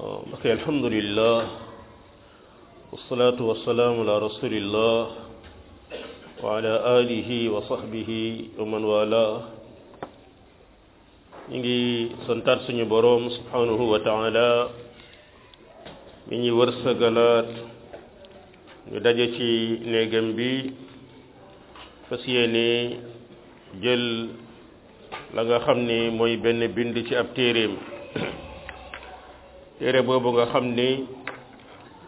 لك الحمد لله والصلاة والسلام على رسول الله وعلى آله وصحبه ومن والاه نجي سنتار سنو بروم سبحانه وتعالى مني ورسة غلات نداجتي نيغم بي فسيني جل لغا خمني موي بن بندي ابتيريم téere boobu nga xam ni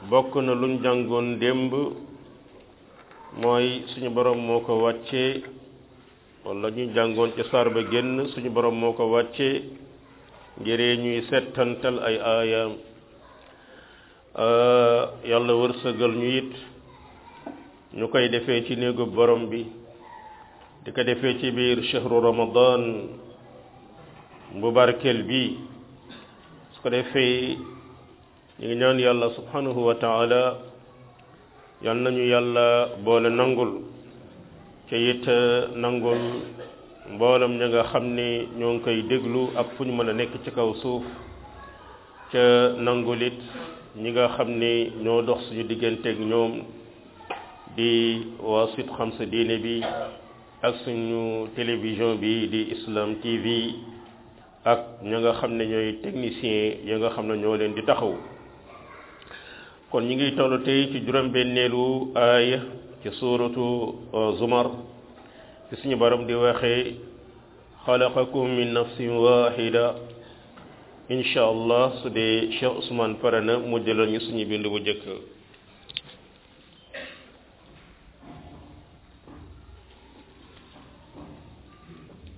bokk na luñ jàngoon démb mooy suñu borom moo ko wàcce wala ñu jàngoon ci saar ba génn suñu borom moo ko wàcce ngir ñuy settantal ay aayaam euh, yàlla wërsëgal ñu it ñu koy defee ci néegu borom bi di ko defee ci biir chahru ramadan bu bi ko defee ñu ngi ñaan yàlla subhanahu wa taala yal nañu yàlla boole nangul ca it nangul mboolam ña nga xam ni ñoo ngi koy déglu ak fu ñu mën a nekk ci kaw suuf ca nangul it ñi nga xam ni ñoo dox suñu digganteeg ñoom di waa sud xam sa diine bi ak suñu télévision bi di Islam TV ak ñu nga xam ne ñooy technicien ya nga xam ne ñoo leen di taxaw kon ñu ngi toll tey ci juróom-benneelu aaya ci suuratu uh, zumar ci suñu borom di waxee xalaqakum min nafsin wahida incha su dee Cheikh Ousmane pare na mu jëlal ñu suñu bind bu njëkk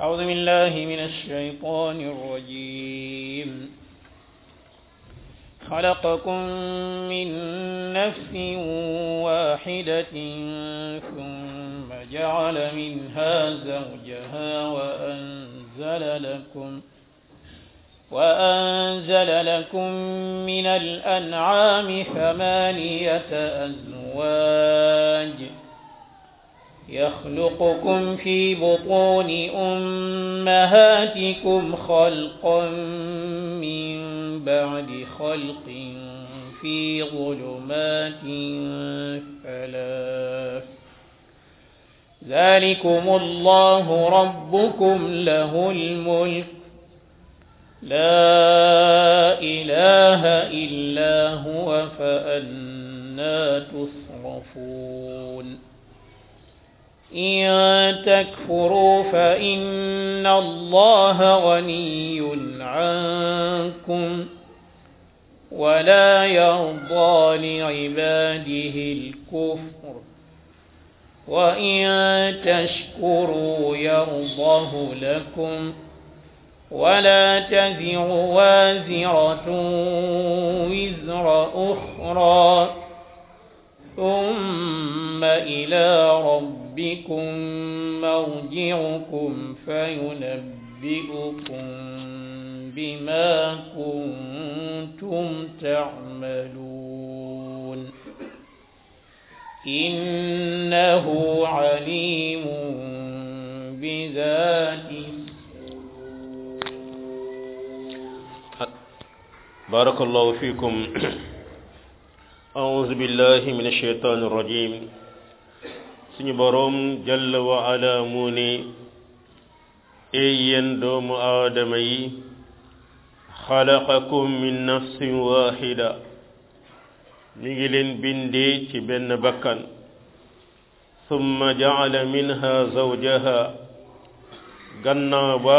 أعوذ بالله من الشيطان الرجيم خلقكم من نفس واحدة ثم جعل منها زوجها وأنزل لكم وأنزل لكم من الأنعام ثمانية أزواج يخلقكم في بطون أمهاتكم خلقا من بعد خلق في ظلمات ثلاث ذلكم الله ربكم له الملك لا إله إلا هو فأنا تصرفون إن تكفروا فإن الله غني عنكم ولا يرضى لعباده الكفر وإن تشكروا يرضه لكم ولا تذر وازرة وزر أخرى ثم إلى ربكم ربكم مرجعكم فينبئكم بما كنتم تعملون إنه عليم بذات بارك الله فيكم أعوذ بالله من الشيطان الرجيم suñu boroom jalla wa ala mu ne ey yéen doomu aadama yi xalaqakum min nafsin wahida mi ngi leen bindee ci benn bakkan summa jaala minha zawjaha gannaaw ba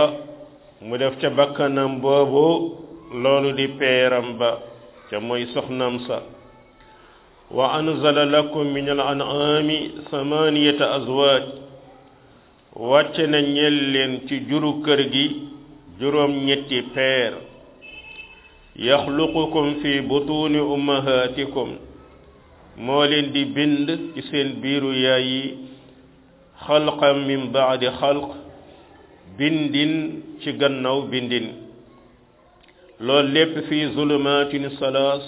mu def ca bakkanam boobu loolu di peeram ba ca mooy soxnam sa وأنزل لكم من الأنعام ثمانية أزواج واتنا نيلين تجرو كرغي جروم نيتي بير يخلقكم في بطون أمهاتكم مولين دي بند كسين بيرو ياي خلقا من بعد خلق بندين تجنو بندين لو لب في ظلمات ثلاث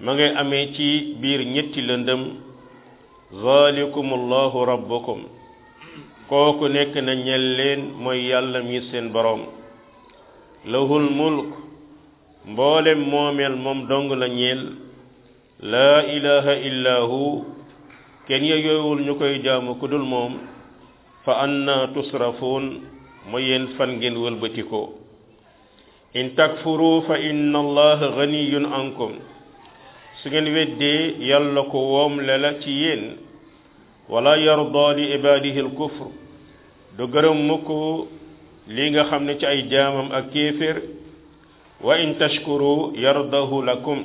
ma ngay ame ci biir ñetti lëndëm zalikumullahu rabbukum kooku nekk na ñel mooy yàlla mi seen boroom lahul mulk mboolem moomeel moom dong la ñeel laa ilaha illa hu kenn yeyowul ñu koy jaamu ku dul moom fa anna tusrafuun mooy yéen fan ngeen wëlbatikoo in takfuru fa inna allaha ganiyun ankum su ngeen weddee yàlla ko woom le la ci yéen wala yarda li ibadihi al du gërëm mukk li nga xam ne ci ay jaamam ak kéeféer wa in tashkuru yardahu lakum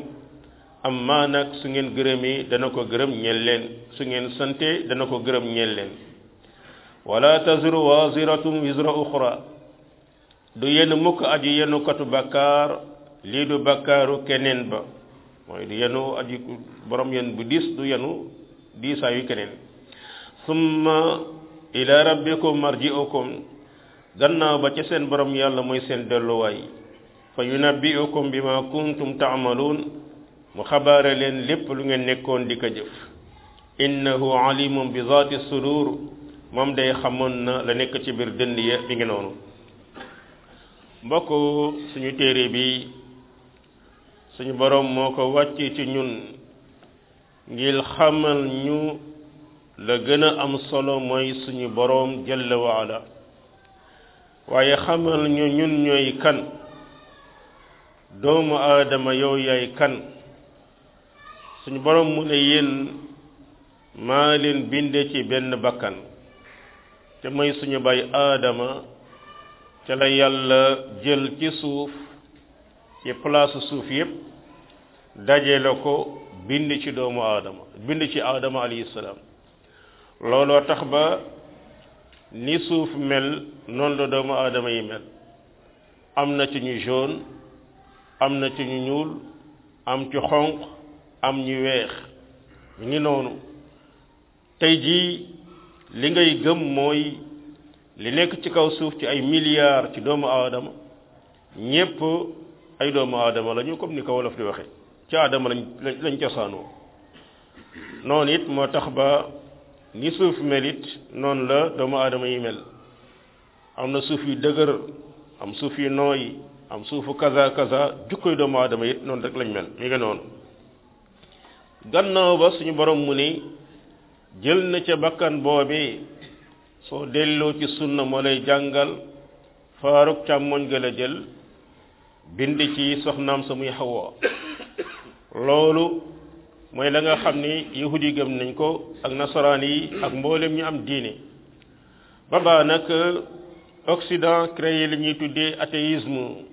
amma nag su ngeen gërëmee dana ko gërëm ñeel su ngeen sante dana ko gërëm ñeel leen wala taziru waziratun wizra uxra du yenn mukk aju yenn katu bakkaar lii du bakkaaru keneen ba mooy du yenu aji borom yen bu diis du yenu diisaayu keneen summa ila rabbikum marji'ukum gannaaw ba ca seen borom yàlla mooy seen delluwaay fa yunabbi'ukum bima kuntum ta'malun mu xabaare leen lépp lu ngeen nekkoon di ko jëf innahu alimun bi zaati sudur moom day xamoon na la nekk ci biir dënd ya bi ngi noonu mbokk suñu téere bi suñu borom moo ko wàcce ci ñun ngir xamal ñu la gën a am solo mooy suñu boroom jalla waala waaye xamal ñu ñun ñooy kan doomu aadama yow yaay kan suñu boroom mu ne yéen maa leen bind ci benn bakkan te mooy suñu bay aadama ca la yàlla jël ci suuf ci place suuf yépp dajale ko bind ci doomu aadama bind ci aadama alayhi salaam looloo tax ba ni suuf mel noonu la doomu aadama yi mel am na ci ñu jaune am na ci ñu ñuul am ci xonq am ñu weex ni noonu tey jii li ngay gëm mooy li nekk ci kaw suuf ci ay milliards ci doomu aadama ñépp ay doomu aadama lañu comme ni ko wolof di waxe ci aadama lañ lañ cosaanoo noonu it moo tax ba ni suuf mel it noonu la doomu aadama yi mel am na suuf yu dëgër am suuf yu nooy am suufu kaza kaza jukkoy doomu aadama it noonu rek lañ mel mi ngi noonu gannaaw ba suñu borom mu ni jël na ca bakkan boobee soo delloo ci sunna moo lay jàngal faaruk càmmoñ ga la jël bind ci soxnaam sa muy xawaa loolu mooy la nga xam ni yahud yi gëm nañ ko ak nasoraan yi ak mboolem ñu am diine ba nag Occident créé li ñuy tuddee athéisme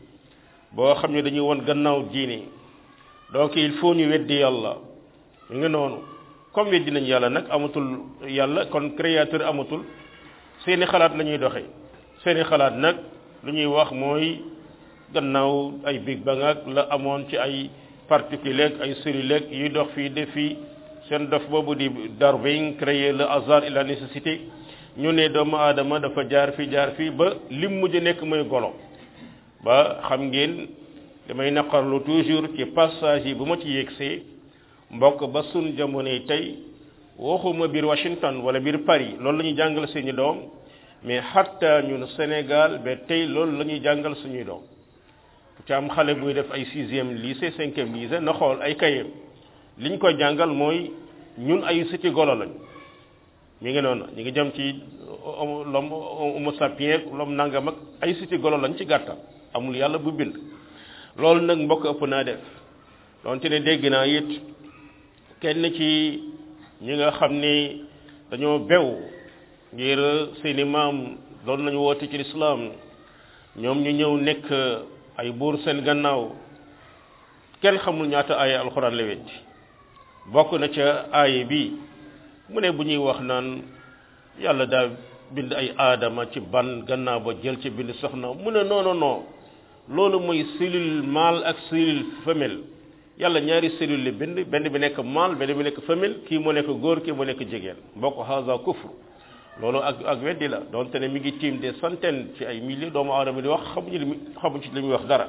boo xam ne dañuy won gannaaw diine donc il faut ñu weddi yàlla ñu ngi noonu comme weddi nañ yàlla nag amatul yàlla kon créateur amatul seeni xalaat la ñuy doxe seeni xalaat nag lu ñuy wax mooy gannaaw ay big bang ak la amoon ci ay particulier ay cellules yuy dox fi de fii seen dof boobu di Darwin créer le hasard et la nécessité ñu ne doomu aadama dafa jaar fii jaar fii ba lim mujj nekk mooy golo ba xam ngeen damay naqarlu toujours ci passage yi bu ma ci yéegsee mbokk ba sun jamonoy tey waxuma biir Washington wala biir Paris loolu la ñuy jàngal seeni doom mais xatta ñun Sénégal ba tey loolu la ñuy jàngal suñuy doom ci am xale buy def ay sixième lycée cinquième lycée na xool ay kayem liñ koy jàngal mooy ñun ay siti golo lañ mu ngi noonu ñu ngi jëm ci um, l'homme homo sapiens l'homme nangam ay sëti golo lañ ci gàttal amul yàlla bu bind loolu nag mbokk ëpp naa def donte ne dégg naa it kenn ci ñi nga xam ni dañoo bew ngir seeni maam doon nañu woote ci lislaam ñoom ñu ñëw nekk ay buur seen gannaaw kenn xamul ñaata aaya alxuraan la wetti bokk na ca aaya bi mu ne bu ñuy wax naan yàlla daa bind ay aadama ci ban gannaaw ba jël ci bind soxna mu ne non non non loolu mooy cellule mâle ak cellule femelle yàlla ñaari cellule la bind benn bi nekk maal benn bi nekk femelle kii moo nekk góor kii moo nekk jigéen bokk haza kufr loolu ak ak weddi la donte ne mi ngi tiim des centaines ci ay milliers doomu aadama di wax xamuñu li muy ci li muy wax dara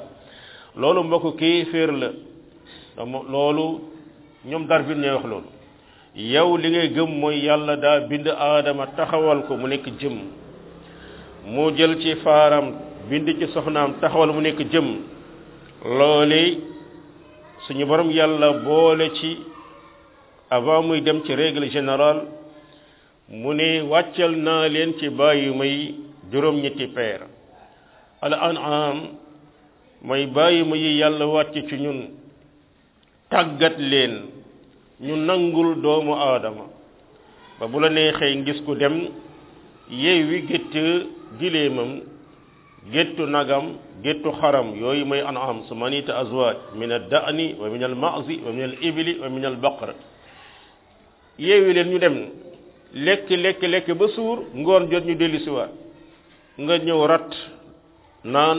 loolu mbokk kii féer la dama loolu ñoom dar bi ñooy wax loolu yow li ngay gëm mooy yàlla daa bind aadama taxawal ko mu nekk jëm mu jël ci faaram bind ci soxnaam taxawal mu nekk jëm loolu suñu borom yàlla boole ci avant muy dem ci régle générale mu ne wàccal naa leen ci bàyyi may juróom-ñetti peer al an'am mooy bàyyi ma yi yàlla wàcc ci ñun tàggat leen ñu nangul doomu aadama ba bu la neexee ngis ku dem yeew wi gétt giléemam géttu nagam géttu xaram yooyu mooy an'am su manita azwaaj min al da'ni wa min al ma'zi wa ibli wa min al yeewi leen ñu dem lekk lekk lekk ba suur ngoon jot ñu dellu siwaat nga ñëw rat naan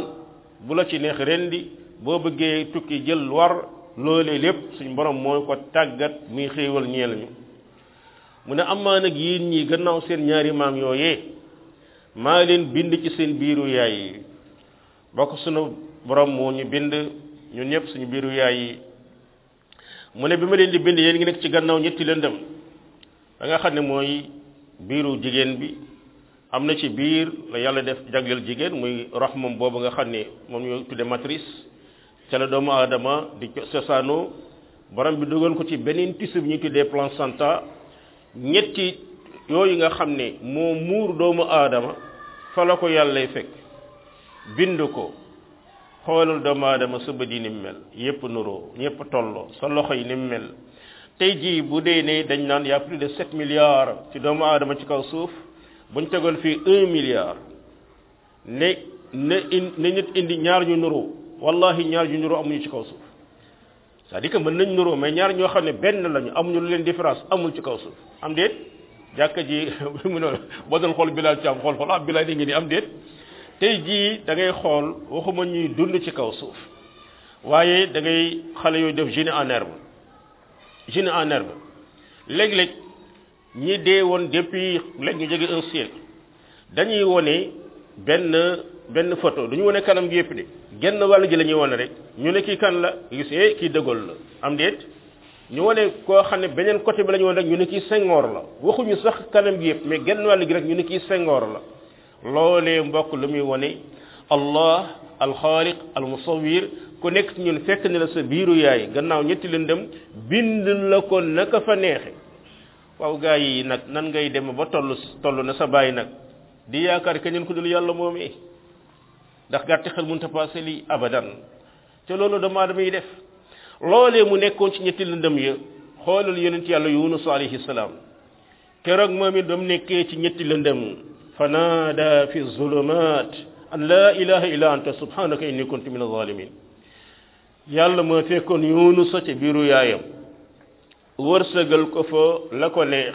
bu la ci neex rendi boo bëggee tukki jël war loole lépp suñ borom mooy ko tàggat muy xéewal ñeel ñu mu ne amaa nag yéen ñi gannaaw seen ñaari maam yooyee maa leen bind ci seen biiru yaay yi bokk sunu borom moo ñu bind ñun ñëpp suñu biiru yaay yi mu ne bi ma leen di bind yéen ngi nekk ci gannaaw ñetti lëndëm da nga xam ne mooy biiru jigéen bi am na ci biir la yàlla def jagleel jigéen muy moom boobu nga xam ne moom ñu tudde matrice ca la doomu aadama di cosaano borom bi dugal ko ci beneen tissu bi ñu tuddee placenta ñetti yooyu nga xam ne moo muur doomu aadama fa la ko yàllay fekk bind ko xoolal doomu aadama suba di ni mu mel yépp nuroo ñépp tolloo sa loxo yi ni mel tey jii bu dee ne dañ naan y'a plus de sept milliards ci doomu aadama ci kaw suuf buñ tegoon fii un milliard ne ne ne nit indi ñaar ñu nuroo wallahi ñaar ñu nuroo amuñu ci kaw suuf cest à mën nañ nuroo may ñaar ñoo xam ne benn lañu ñu lu leen différence amul ci kaw suuf am déet jàkka ji mu ne boo doon xool Bilal Thiam xool xool ah Bilal di ngi ni am déet tey jii dangay ngay xool waxuma ñuy dund ci kaw suuf waaye dangay xale yooyu def génie en herbe génie en herbe léeg-léeg ñi dee woon depuis léegi ñu jóge un dañuy wone benn benn photo du ñu wone kanam gi yëpp de genn wàll gi lañuy ñuy wone rek ñu ne kii kan la gis eh kii dëggal la am déet ñu wone koo xam ne beneen côté bi la ñu wone rek ñu ne kii sengoor la waxuñu sax kanam gi yëpp mais genn wàll gi rek ñu ne kii sengoor la loolee mbokk lu muy wone allah alxaaliq almusawir ku nekk ci ñun fekk ni la sa biiru yaay gannaaw ñetti lëndëm bind la ko naka fa neexe waaw gaa yi nag nan ngay dem ba toll toll na sa baay nag di yaakaar keneen ku dul yàlla moomee ndax gàtt xel mënta passé abada te loolu damaa damay def loolee mu nekkoon ci ñetti lëndëm ya xoolal yonent yàlla yunus alayhi salaam keroog moom it ba mu nekkee ci ñetti lëndëm fanaada fi zulumaat an laa ilaha illa anta subhanaka inni kuntu min az-zalimin yalla ma fekkoon yoonu sa ci biiru yaayam wërsëgal ko fa la ko neex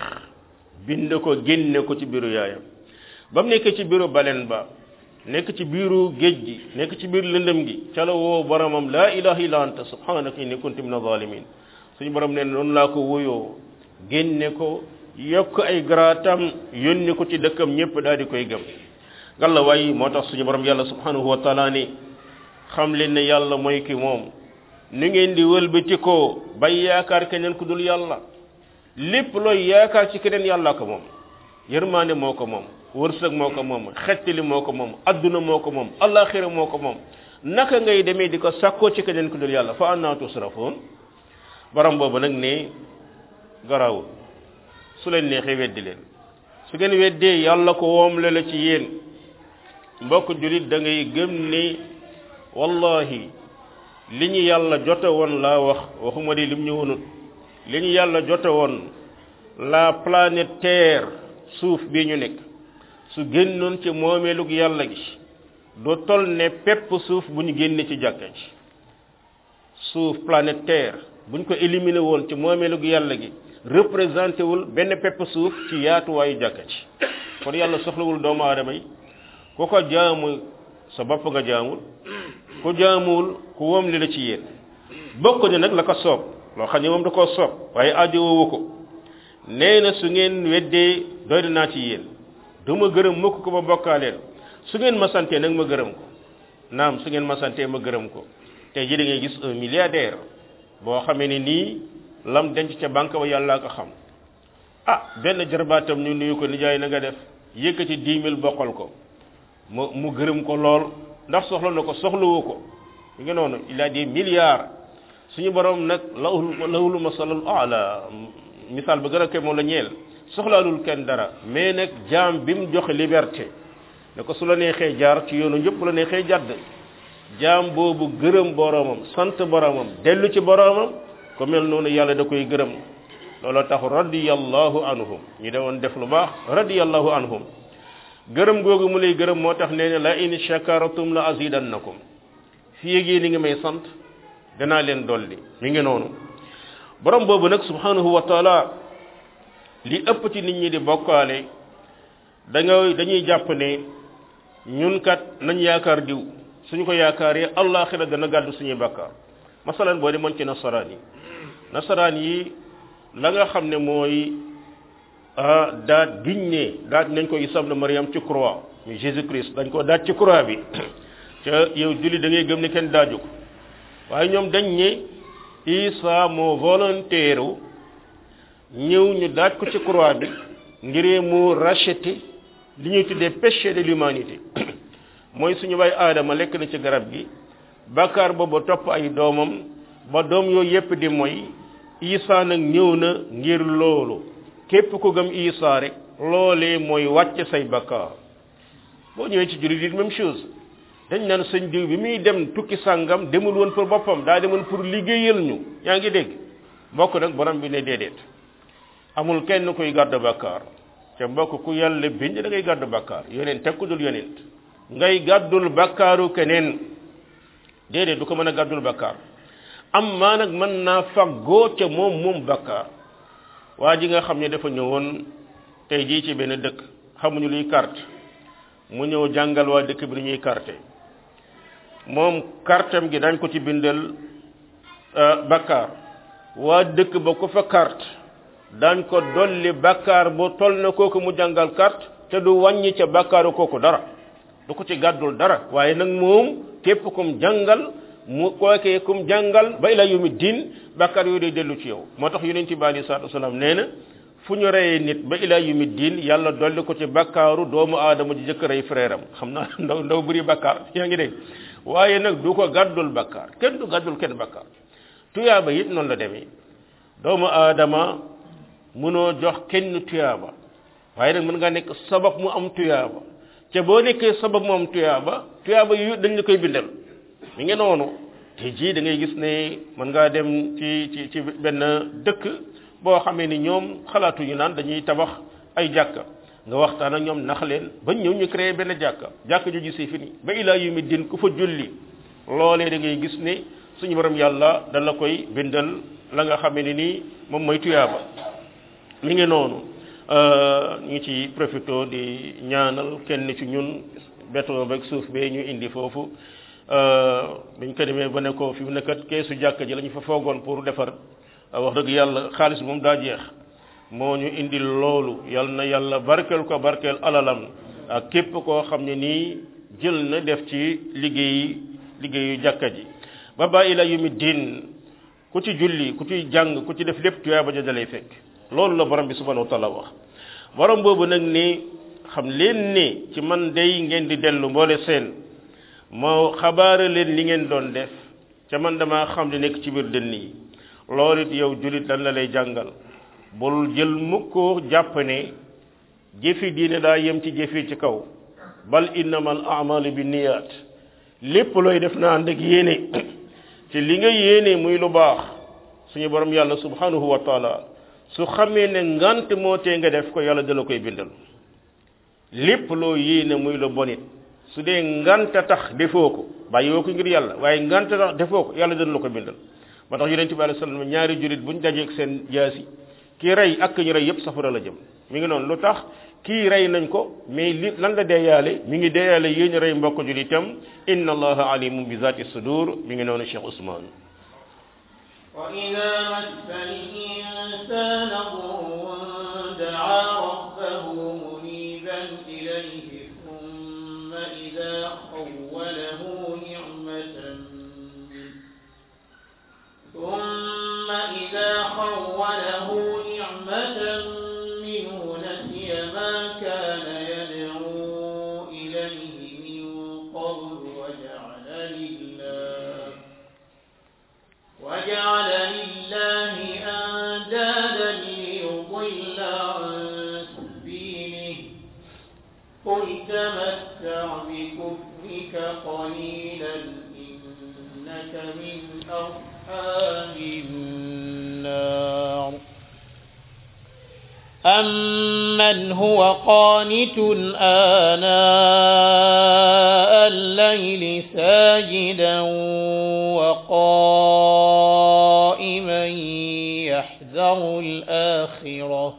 bind ko génne ko ci biiru yaayam bam mu nekk ci biiru balen ba nekk ci biiru géej gi nekk ci biiru lëndëm gi ca la woo boromam laa ilaha illa anta subhanaka inni kuntu min zalimin suñu borom ne noonu laa ko wuyoo génne ko yokk ay garaatam yónni ko ci dëkkam ñepp daal di koy gëm ngalla way moo tax suñu borom yàlla subhanahu wa taala ni xam leen ne yàlla mooy ki moom ni ngeen di ko bay yaakaar keneen ku dul yàlla lépp looy yaakaar ci keneen yàlla ko moom yërmaane moo ko moom wërsëg moo ko moom xettali moo ko moom adduna moo ko moom alaxira moo ko moom naka ngay demee di ko sakkoo ci keneen ku dul yàlla fa anna tusrafoon borom boobu nag ne garawul su leen neexee weddi leen su ngeen weddee yàlla ko woomle la ci yéen mbokk jullit da ngay gëm ne wallahi li ñu yàlla jote woon laa wax waxuma di lim ñu wonut li ñu yàlla jote woon la planète terre suuf bi ñu nekk su génnoon ci moomeelug yàlla gi du toll ne pepp suuf bu ñu génne ci jàkka ji suuf planète terre bu ñu ko éliminé woon ci moomeelug yàlla gi représenté wul benn pepp suuf ci yaatuwaayu jàkka ji kon yàlla soxlawul doomu aadama yi ku ko jaamu sa bopp nga jaamul ku jaamuwul ku wom li la ci yéen bokk ni nag la ko soob loo xam ne moom da koo soob waaye aajowoowu ko nee na su ngeen weddee doy dinaa ci yéen du ma gërëm mukk ko ma bokkaaleel su ngeen ma santee nag ma gërëm ko naam su ngeen ma ma gërëm ko te ji da ngay gis un milliardaire boo xamee ni nii lam denc ca banque ba yàllaa ko xam ah benn jarbaatam ñu nuyu ko nijaay na nga def yëkkati 10 000 bokkal ko mu mu gërëm ko lool ndax soxla na ko soxlawu ko ñu ngi noonu il a des milliards suñu borom nag lahul lahul masalul ala misaal ba gën a koy moom la ñeel soxlaalul kenn dara mais nag jaam bi mu joxe liberté ne ko su la neexee jaar ci yoonu yëpp la neexee jàdd jaam boobu gërëm boromam sant boromam dellu ci boromam ko mel noonu yàlla da koy gërëm looloo tax radiyallahu anhum ñu demoon def lu baax radiyallahu anhum gërëm googu mu lay gërëm moo tax nee na la in shakaratum la azidannakum fii ak yéen a ngi may sant danaa leen dolli mi ngi noonu borom boobu nag subhanahu wa taala li ëpp ti nit ñi di bokkaale da nga dañuy jàpp ne ñun kat nañ yaakaar diw suñu ko yaakaaree allaaxira dana gàddu suñuy bàkkaar masalan boo demoon ci nasaraan yi nasaraan yi la nga xam ne mooy daa giñ ne daaj nañ ko Isa ibn Maryam ci croix mu Jésus Christ dañ ko daaj ci croix bi ca yow julli dangay gëm ne kenn daaju ko waaye ñoom dañ ne Isa moo volontaire ñëw ñu daaj ko ci croix bi ngir mu racheter li ñuy tuddee péché de l'humanité mooy suñu baay aadama lekk na ci garab gi bàkkaar boobu topp ay doomam ba doom yooyu yépp di mooy Isa nag ñëw na ngir loolu képp ko gëm Isa rek loole mooy wàcc say bakkaar boo ñëwee ci jullit yi même chose dañ naan sëñ diw bi muy dem tukki sàngam demul woon pour boppam daa demoon pour liggéeyal ñu yaa ngi dégg bokk nag borom bi ne déedéet amul kenn kuy gàddu bakkaar te mbokk ku yàlla bind da ngay gàddu bakkaar yonent teg ku dul yonent ngay gàddul bakkaaru keneen déedéet du ko mën a gàddul bakkaar am maa nag mën naa faggoo ca moom moom bakkaar waa ji nga xam ne dafa ñëwoon tey jii ci benn dëkk xamuñu luy carte mu ñëw jàngal waa dëkk bi duñuy ñuy carte moom cartam gi dañ ko ci bindal euh, bakkaar waa dëkk ba ko fa carte dañ ko dolli bakkaar bu toll na kooku mu jàngal carte te du wàññi ca bakkaaru kooku dara du ko ci gàddul dara waaye nag moom képp kum jàngal mu kookee comme jàngal ba ila yawmi diin bàkkaar yooyu day dellu ci yow moo tax yonent bi alei salatu wasalaam nee na fu ñu reyee nit ba ila yawmi diin yàlla dolli ko ci bàkkaaru doomu aadama ji jëkk rey frère am xam naa ndaw ndaw bëri bàkkaar yaa ngi dégg waaye nag du ko gàddul bàkkaar kenn du gàddul kenn bàkkaar tuyaaba it noonu la demee doomu aadama mënoo jox kenn tuyaaba waaye nag mën ngaa nekk sabab mu am tuyaaba ca boo nekkee sabab mu am tuyaaba tuyaaba yu dañ la koy bindal mi ngi noonu tey jii da ngay gis ne mën ngaa dem ci ci ci benn dëkk boo xamee ni ñoom xalaatuñu naan dañuy tabax ay jàkka nga waxtaan ak ñoom nax leen ba ñëw ñu créé benn jàkka jàkka ju gisee fi ni ba ilaa yu mi din ku fa julli loolee da ngay gis ne suñu borom yàlla da la koy bindal la nga xamee ne nii moom mooy tuyaaba mi ngi noonu euh, ñu ngi ci profito di ñaanal kenn ci ñun béton beeg suuf bee ñu indi foofu Euh, biñ ko demee ba ne ko fi mu nekkat keesu jàkka ji lañu fa foogoon pour defar euh, wax dëgg yàlla xaalis moom daa jeex moo ñu indil loolu yal na yàlla barkeel ko barkeel alalam ak képp koo xam ne nii jël na def ci liggéey liggéeyu jàkka ji ba bàyyi la yumi diin ku ci julli ku ci jàng ku ci def lépp tuyaaba ja dalay fekk loolu la borom bi subhanahu wa taala wax borom boobu nag ni xam leen ni ci man day ngeen di dellu mboole seen moo xabaara leen li ngeen doon def ca man dama xam li nekk ci biir dënn yi loolu it yow jullit lan la lay jàngal bul jël mukkoo jàpp ne jëfi diine daa yem ci jëfi ci kaw bal innamal amalu bi niyaat lépp looy def na ànd yéene ci li nga yéene muy lu baax suñu borom yàlla subhanahu wa su xamee ne ngant moo tee nga def ko yàlla da koy bindal lépp loo yéene muy lu bonit su dee nganta tax defoo ko bàyyi woo ko ngir yàlla waaye nganta tax defoo ko yàlla dana la ko bindal moo tax yonent bi alayhi salaam ñaari jullit buñ dajeeg seen jaasi kii rey ak ñu rey yëpp safara la jëm mi ngi noonu lu tax kii rey nañ ko mais li lan la deeyaale mi ngi deeyaale yéen rey mbokk jullitam inna allaha alimun bi zati sudur mu ngi noonu Cheikh Ousmane. wa وله نعمة منه نسي ما كان يدعو إليه من قبل وجعل لله, وجعل لله أندادا ليضل عن سبيله قل تمتع بكفرك قليلا إنك من أرحام النار أَمَّنْ هُوَ قَانِتٌ آنَاءَ اللَّيْلِ سَاجِدًا وَقَائِمًا يَحْذَرُ الْآخِرَةَ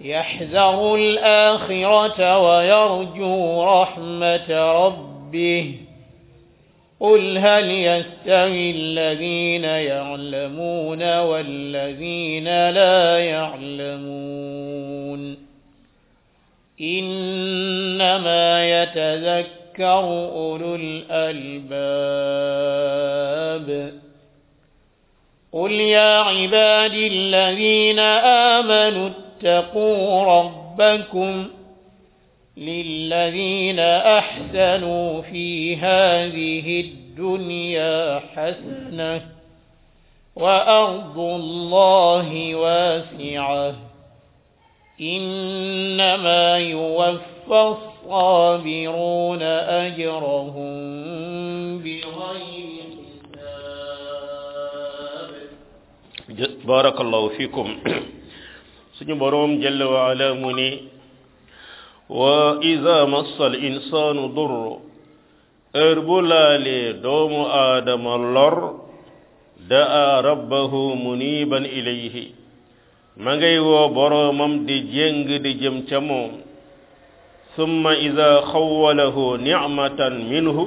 يَحْذَرُ الْآخِرَةَ وَيَرْجُو رَحْمَةَ رَبِّهِ قل هل يستوي الذين يعلمون والذين لا يعلمون إنما يتذكر أولو الألباب قل يا عبادي الذين آمنوا اتقوا ربكم للذين أحسنوا في هذه الدنيا حسنة وأرض الله واسعة إنما يوفى الصابرون أجرهم بغير حساب بارك الله فيكم سنبروم جل وعلا مني wa iza massal insaanu durr heure bu laalee doomu aadama lor daa rabbahu muniiban ilayhi ma ngay woo boroomam di jéng di jëm ca moom summa iza xawalahu nicmatan minhu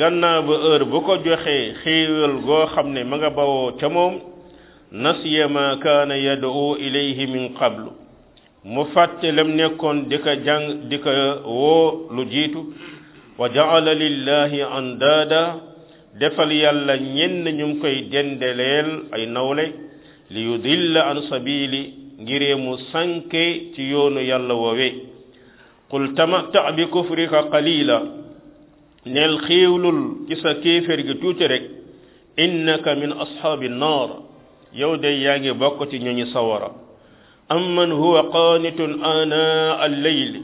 gannaaw ba heure bu ko joxee xéewal goo xam ne ma nga bawoo ca moom nasiya ma kaana yad'u ilayhi min qablu mu fàtte lam nekkoon di ko jàng di ko woo lu jiitu wa jaala lillahi andaada defal yàlla ñenn ñu ngi koy dendeleel ay nawle li yudilla an sabili ngiree mu sanke ci yoonu yàlla woowe qul tamata bi kufrika qalila neel xiiwlul ci sa kéefér gi tuuti rek innaka min ashaabi nnaar yow de yaa ngi bokk ci ñooñu sawara amman huwa qanitun ana al-layl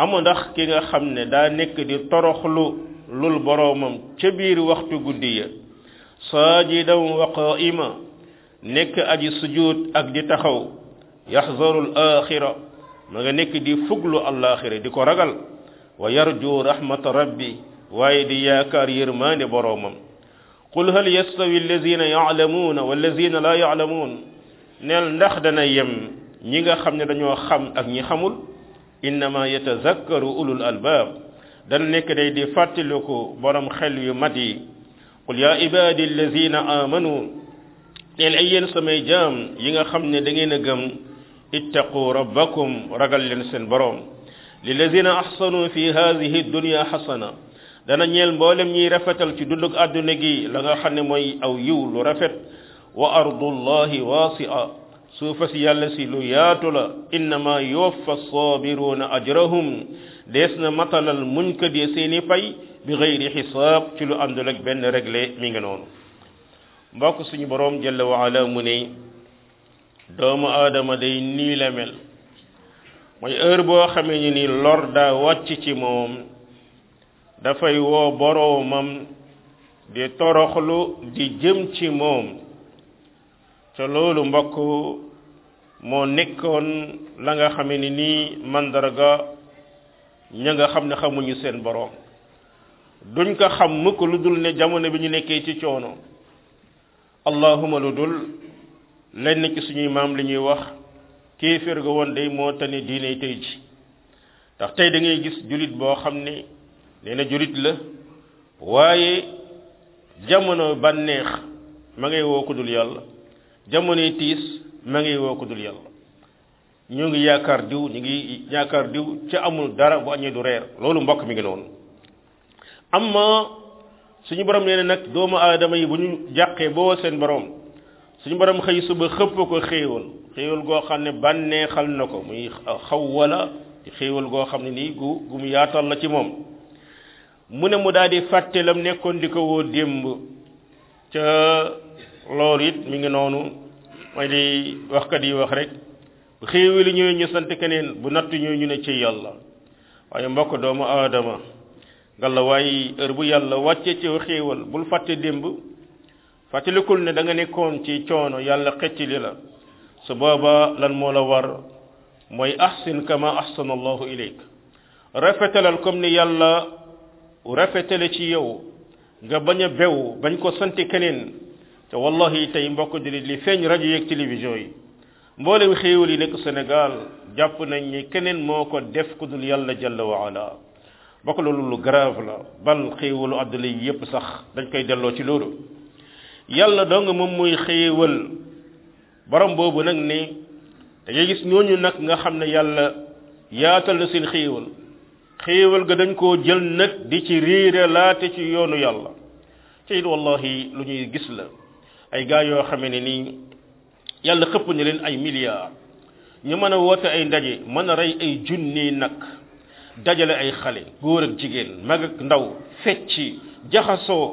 amu ndax ki nga xamne da nek di toroxlu lul boromam ci bir waxtu guddi ya sajidan wa qa'ima nek aji sujud ak di taxaw yahzarul al-akhira ma nga nek di fuglu al-akhira di ko ragal wa yarju rahmat rabbi way di yakar yermane boromam qul hal yastawi alladhina ya'lamuna wal ladhina la ya'lamun neel ndax dana yem ñi nga xam ne dañoo xam ak ñi xamul innama yatazakkaru ulul albab dana nekk day di fàttaliku borom xel yu mat yi qul ya ibadi allazina amanu neen ay yéen samay jaam yi nga xam ne da ngeen a gëm ittaqu rabbakum ragal leen seen borom lilazina ahsanu fi hadhihi dunya hasana dana ñeel mboolem ñiy rafetal ci dunduk àdduna gi la nga xam ne mooy aw yiw lu rafet wa ardullahi wasia suufa si yàlla si lu yaatu la innama yuwaffa sabiruuna ajrahum dees na matalal muñ ko dee seeni pay bi gayri xisaab ci lu àndul ak benn regle mi ngi noonu mbokk suñu boroom jalla wa mu ne doomu aadama day nii la mel mooy heure boo xamee ni ni lor daa wàcc ci moom dafay woo boroomam di toroxlu di jëm ci moom te loolu mbokk moo nekkoon la nga xamee ni nii mandarga ña nga xam ne xamuñu seen boroom duñ ko xam mukk lu dul ne jamono bi ñu nekkee ci coono allahuma lu dul lenn ci suñuy maam li ñuy wax kéeféer ga woon day moo tane diine tey ji ndax tey da ngay gis jullit boo xam ne nee na jullit la waaye jamono bànneex ma ngay woo yàlla jamonoy tiis ma ngi woo ko dul yàlla ñu ngi yaakaar diw ñu ngi yaakaar diw ci amul dara bu añee du reer loolu mbokk mi ngi noonu amma suñu borom nee nag doomu aadama yi bu ñu jàqee boo seen boroom suñu borom xëy suba xëpp ko xéewal xéewal goo xam ne bànneexal na ko muy xaw wala xéewal goo xam ne nii gu gu mu yaatal la ci moom mu ne mu daal di fàtte lam nekkoon di ko woo démb ca loolu it mi ngi noonu mooy li waxkat yi wax rek bu li ñëwee ñu sant keneen bu natt ñëwee ñu ne ci yàlla waaye mbokk doomu aadama la waaye heure bu yàlla wàccee ci xéewal bul fàtte démb fàttalikul ne da nga nekkoon ci coono yàlla xëcc li la su booba lan moo la war mooy ahsin kama ahsana allahu ilayk rafetalal comme ni yàlla rafetale ci yow nga bañ a bew bañ koo sant keneen te wallahi tey mbokk jullit li feeñ rajo yeeg télévision yi mboolem xéewal yi nekk Sénégal jàpp nañ ni keneen moo ko def ku dul yàlla jalla wa ala ko loolu lu grave la bal xéewalu àdduna yi yépp sax dañ koy delloo ci loolu yàlla dong moom muy xéewal borom boobu nag ni da ngay gis ñooñu nag nga xam ne yàlla yaatal na seen xéewal xéewal ga dañ koo jël nag di ci riire laate ci yoonu yàlla te it wallahi lu ñuy gis la ay gars yoo xamee ne nii yàlla xëpp na leen ay milliards ñu mën a woote ay ndaje mën a rey ay junni nag dajale ay xale góor ak jigéen mag ak ndaw fecci jaxasoo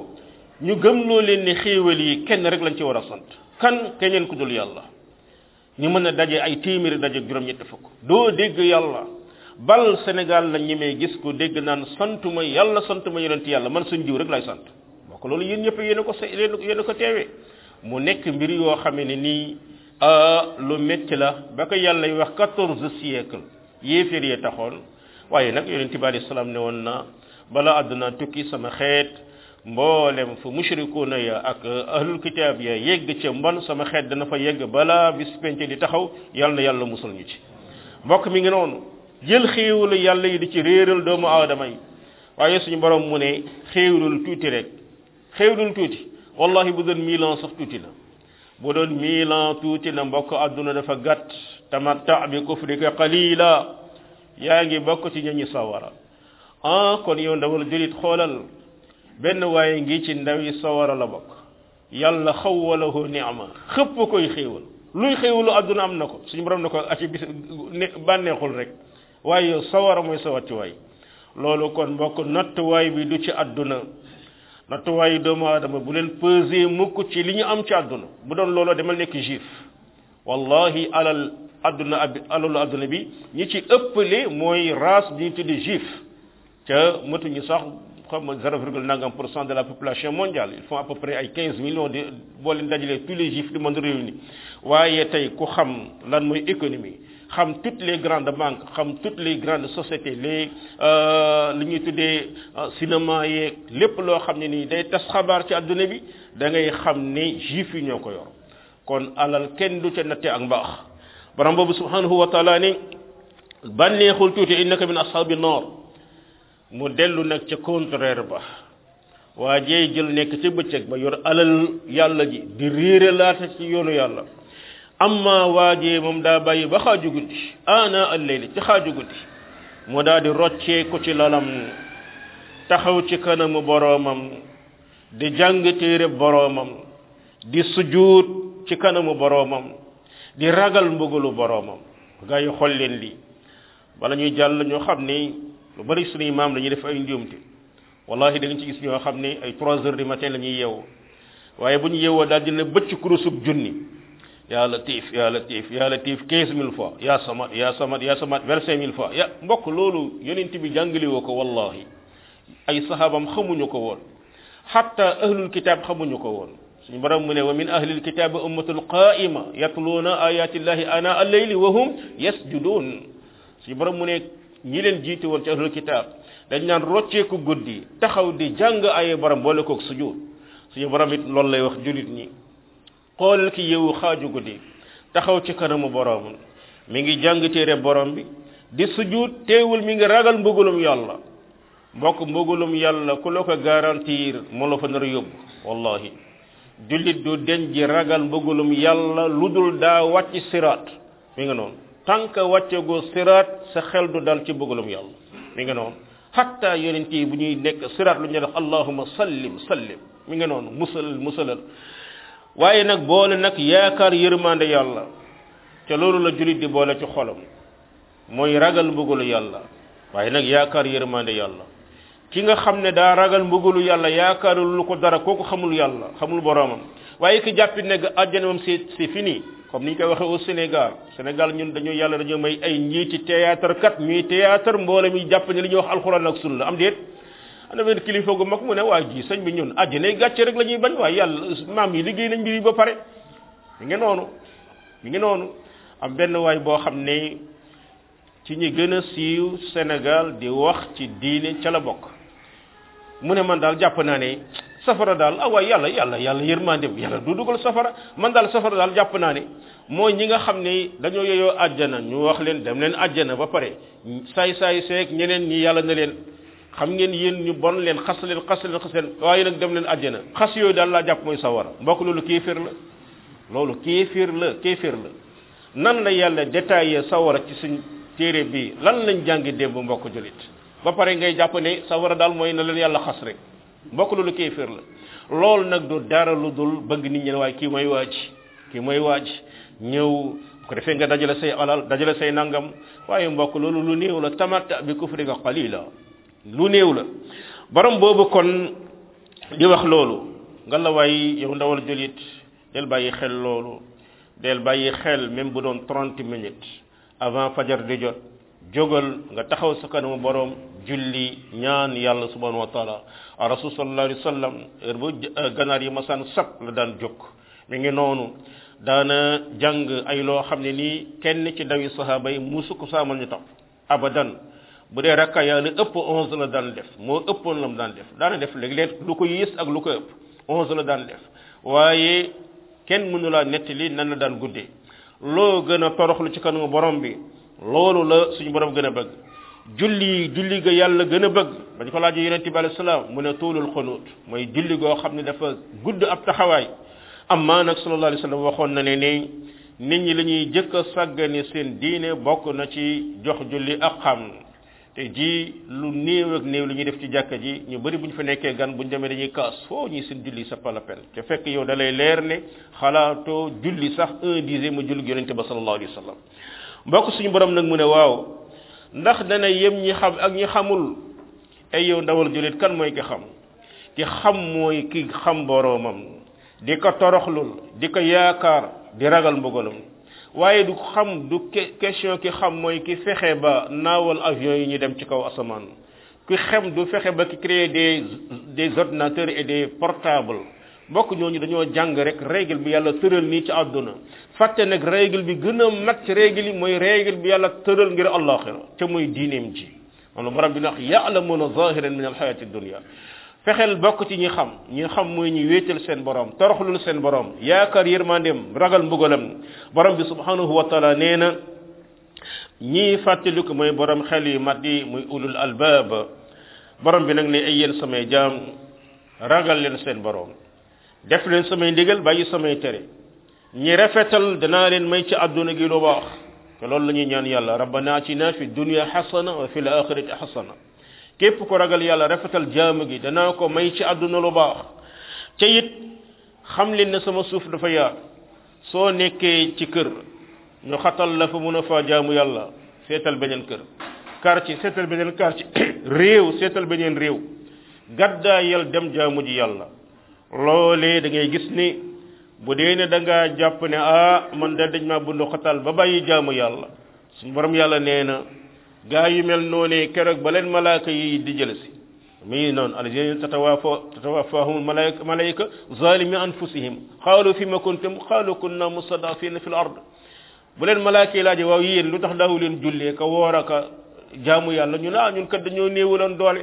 ñu gëm loo leen ni xéewal yi kenn rek lañ ci war a sant kan keneen ku dul yàlla ñu mën a daje ay téeméeri daje juróom-ñetti fukk doo dégg yàlla bal Sénégal la ñemee gis ko dégg naan santuma yàlla santuma yonent yàlla man suñ diw rek lay sant moo ko loolu yéen ñëpp yéen a ko yéen a ko mu nekk mbir yoo xam ne nii lu métti la ba ko yàlla wax quatorze siècle yéeféer yee taxoon waaye nag yonent bi alei salaam ne woon na bala àdduna tukki sama xeet mboolem fu mushrikuuna ya ak ahlul kitaab ya yegg ca mbon sama xeet dana fa yegg balaa bis penc di taxaw yàlla na yàlla musal ñu ci mbokk mi ngi noonu jël xéewalu yàlla yi di ci réeral doomu aadama yi waaye suñu borom mu ne xéewlul tuuti rek xéewlul tuuti wallahi bu doon mille ans sax tuuti la bu doon mille ans tuuti la mbokk àdduna dafa gàtt tamatta bi kufrika qalila yaa ngi bokk ci ñañu sawara ah kon yow ndawal julit xoolal benn waaye ngi ci ndawi sawara la bokk yàlla xawwalahu ni'ma xëpp koy xéewal luy xéewalu àdduna am na ko suñu borom na ko aci bis bànneexul rek waaye yow sawara mooy sa wàccuwaay loolu kon mbokk nattuwaay bi du ci àdduna nattuwaayu doomu aadama bu leen pesé mukk ci li ñu am ci àdduna bu doon looloo demal nekk juif wallahi alal àdduna ab alalu àdduna bi ñi ci ëppale mooy race bi tudd juif ca matuñu sax xam nga zero virgule nangam pour cent de la population mondiale ils font à peu près ay 15 millions de boo leen dajalee tous les juifs du monde réuni waaye tey ku xam lan mooy économie xam toutes les grandes banques xam toutes les grandes sociétés les euh, li ñuy tuddee euh, cinéma yeeg lépp loo xam ne nii day tas xabaar ci àdduna bi dangay xam ni juif yi ñoo ko yor kon alal kenn du ca natte ak mbaax borom boobu subhanahu wa taala ni bànneexul tuuti innaka min ashabi noor mu dellu nag ca contraire ba waa jeey jël nekk ca bëccëg ba yor alal yàlla ji di réere laata ci yoonu yàlla amma waajee moom daa bàyyi ba xaaju guddi ana alleyli ci xaaju guddi mu daal di rocceeku ci lalam taxaw ci kanamu boromam di jàng téere boroomam di sujuut ci kanamu boromam di ragal mbugalu boroomam gaa yi xool leen li bala ñuy jàll ñoo xam ni lu bari suñuy maam lañuy ñuy def ay njuumte wallahi da nga ci gis ñoo xam ni ay trois heures du matin la ñuy yeewu waaye bu ñu yeewoo daal dina bëcc kurusub junni يا لطيف يا لطيف يا لطيف كيس ميل فوا يا سمات يا سمات يا سمات فرسي ميل فوا يا مبوك لولو يننتي بي جانجلي وكو والله اي صحابة خمون نيوكو وون حتى اهل الكتاب خمو نيوكو وون سنبرم من ومن اهل الكتاب امة القائمة يطلون آيات الله أنا الليل وهم يسجدون سنبرم من يلين جيتي وانت اهل الكتاب لأن روتيكو قدي تخو دي جانج آي برم بولكو سجود سنبرم لولي وخجولتني xoolal ki yow xaaju guddi taxaw ci kanamu boroomam mi ngi jàng téere borom bi di sujjuut teewul mi ngi ragal mbugulum yàlla mbokk mbugulum yàlla ku la ko garantir moo la fa nar a yóbbu wallahi jullit du deñ ji ragal mbugulum yàlla lu dul daa wàcc siraat mi ngi noonu tànk wàccegoo siraat sa xel du dal ci mbugulum yàlla mi nga noonu xatta yonent yi bu ñuy nekk siraat lu ñu def allahuma sallim sallim mi nga noonu musalal musalal waaye nag boole nag yaakaar yërmande yàlla te loolu la jullit di boole ci xolam mooy ragal mbugalu yàlla waaye nag yaakaar yërmande yàlla ki nga xam ne daa ragal mbugalu yàlla yaakaar lu ko dara kooku xamul yàlla xamul boromam waaye ki jàppit ne àjjana moom c'est c'est fini comme ni ñu koy waxee au Sénégal Sénégal ñun dañoo yàlla dañoo may ay njiiti théâtre kat ñuy théâtre mboole mi jàpp ne li ñu wax alxuraan ak la am déet ana benn kilifa gu mag mu ne waa jii sëñ bi ñun àjjana gàcce rek la ñuy bañ waaye yàlla maam yi liggéey nañ mbir ba pare mi ngi noonu mi noonu am benn waay boo xam ne ci ñi gën a siiw Sénégal di wax ci diine ca la bokk mu ne man daal jàpp naa ne safara daal aw ah waay yàlla yàlla yàlla yërmandeem yàlla du dugal safara man daal safara daal jàpp naa ne mooy ñi nga xam ne dañoo yeyoo àjjana ñu wax leen dem leen àjjana ba pare saay saay seeg ñeneen ñi yàlla na leen xam ngeen yéen ñu bon leen xas leen xas leen xas leen waaye nag dem leen àjjana xas yooyu daal laa jàpp mooy sawara mbokk loolu kéeféer la loolu kéeféer la kéeféer la nan la yàlla détaillé sawara ci suñ téere bi lan lañ jàngi démb mbokk jullit ba pare ngay jàpp ne sawara daal mooy na leen yàlla xas rek mbokk loolu kéeféer la loolu nag du dara lu dul bëgg nit ñi waaye kii mooy waaj kii mooy waaj ñëw ko defee nga dajale say alal dajale say nangam waaye mbokk loolu lu néew la tamatta bi kufrika qalila lu néew la borom boobu kon di wax loolu nga la waay yow ndawal jullit del bàyyi xel loolu del bàyyi xel même bu doon trente minutes avant fajar di jot jógal nga taxaw sa kanamu borom julli ñaan yàlla subhanahu wa taala rasul sallallahu alayhi wa sallam heure euh, yi masaan sab la daan jóg mi ngi noonu daana jàng ay loo xam ne nii kenn ci dawi sahaaba yi musu ko saamal ñu topp abadan bu dee rakka yaa li ëpp onze la daan def moo ëppoon la mu daan def daana def léeg-léeg lu ko yées ak lu ko ëpp onze la daan def waaye kenn mënulaa nettali nan la daan guddee loo gën a toroxlu ci kanamu borom bi loolu la suñu borom gën a bëgg julli julli ga yàlla gën a bëgg dañ ko laajee yonente bi alayhi salaam mu ne tuulul xunuut mooy julli goo xam ne dafa gudd ab taxawaay amma nag sallallahu alayhi waxoon na ne ni nit ñi la ñuy jëkk a sàggane seen diine bokk na ci jox julli ak xam te jii lu néew ak néew lu ñuy def ci jàkka ji ñu bari bu ñu fa nekkee gan bu ñu demee dañuy kaas foo ñuy seen julli sa pas la peine fekk yow dalay leer ne xalaatoo julli sax un dixième mu julli yonente ba sallallahu alayhi wa sallam mbokk suñu borom nag mu ne waaw ndax dana yem ñi xam ak ñi xamul ay yow ndawal jullit kan mooy ki xam ki xam mooy ki xam boroomam di ko toroxlul di ko yaakaar di ragal mbugalum waaye du xam du question ki xam mooy ki fexe ba naawal avion yi ñu dem ci kaw asamaan ku xam du fexe ba ki créer des des ordinateurs et des portables bokk ñooñu dañoo jàng rek règle bi yàlla tëral nii ci àdduna fàtte nag règle bi gën a mag ci règle yi mooy règle bi yàlla tëral ngir allaxira te mooy diineem ji moom la borom bi wax ya'lamuna zahiran min alhayati dunya fexeel bokk ci ñi xam ñi xam mooy ñu wéetal seen borom toroxlul seen borom yaakaar yërmandeem ragal mbugalam borom bi subhanahu wa taala nee na ñii fàttaliku mooy borom xel yu mat yi muy ulul albaab borom bi nag ne ay yéen samay jaam ragal leen seen borom def leen samay ndigal bàyyi samay tere ñi rafetal danaa leen may ci àdduna gi lu baax te loolu la ñuy ñaan yàlla rabbana atina fi dunya xasana wa fi l axirati xasana képp ko ragal yàlla rafetal jaamu gi danaa ko may ci àdduna lu baax ca it xam leen ne sama suuf dafa yaar soo nekkee ci kër ñu xatal la fa mun a faa jaamu yàlla seetal beneen kër quartier seetal beneen quartier réew seetal beneen réew gàddaayal dem jaamu ji yàlla loolee da gis ni bu dee ne danga jàpp ne ah man da dañ maa bundu xatal ba bàyyi jaamu yàlla suñu borom yàlla nee na gaa yu mel noonee keroog ba leen malaaka yi di jël si mi ngi noonu alladina tatawafa tatawafahum malayka malayka zalimi anfusihim xaalu fi ma kuntum xaalu kunna mustadafina fi l bu leen malaaka yi laaje waaw yéen lu tax daawu leen jullee ka woor aka jaamu yàlla ñu ne ah ñun kat dañoo néewaloon doole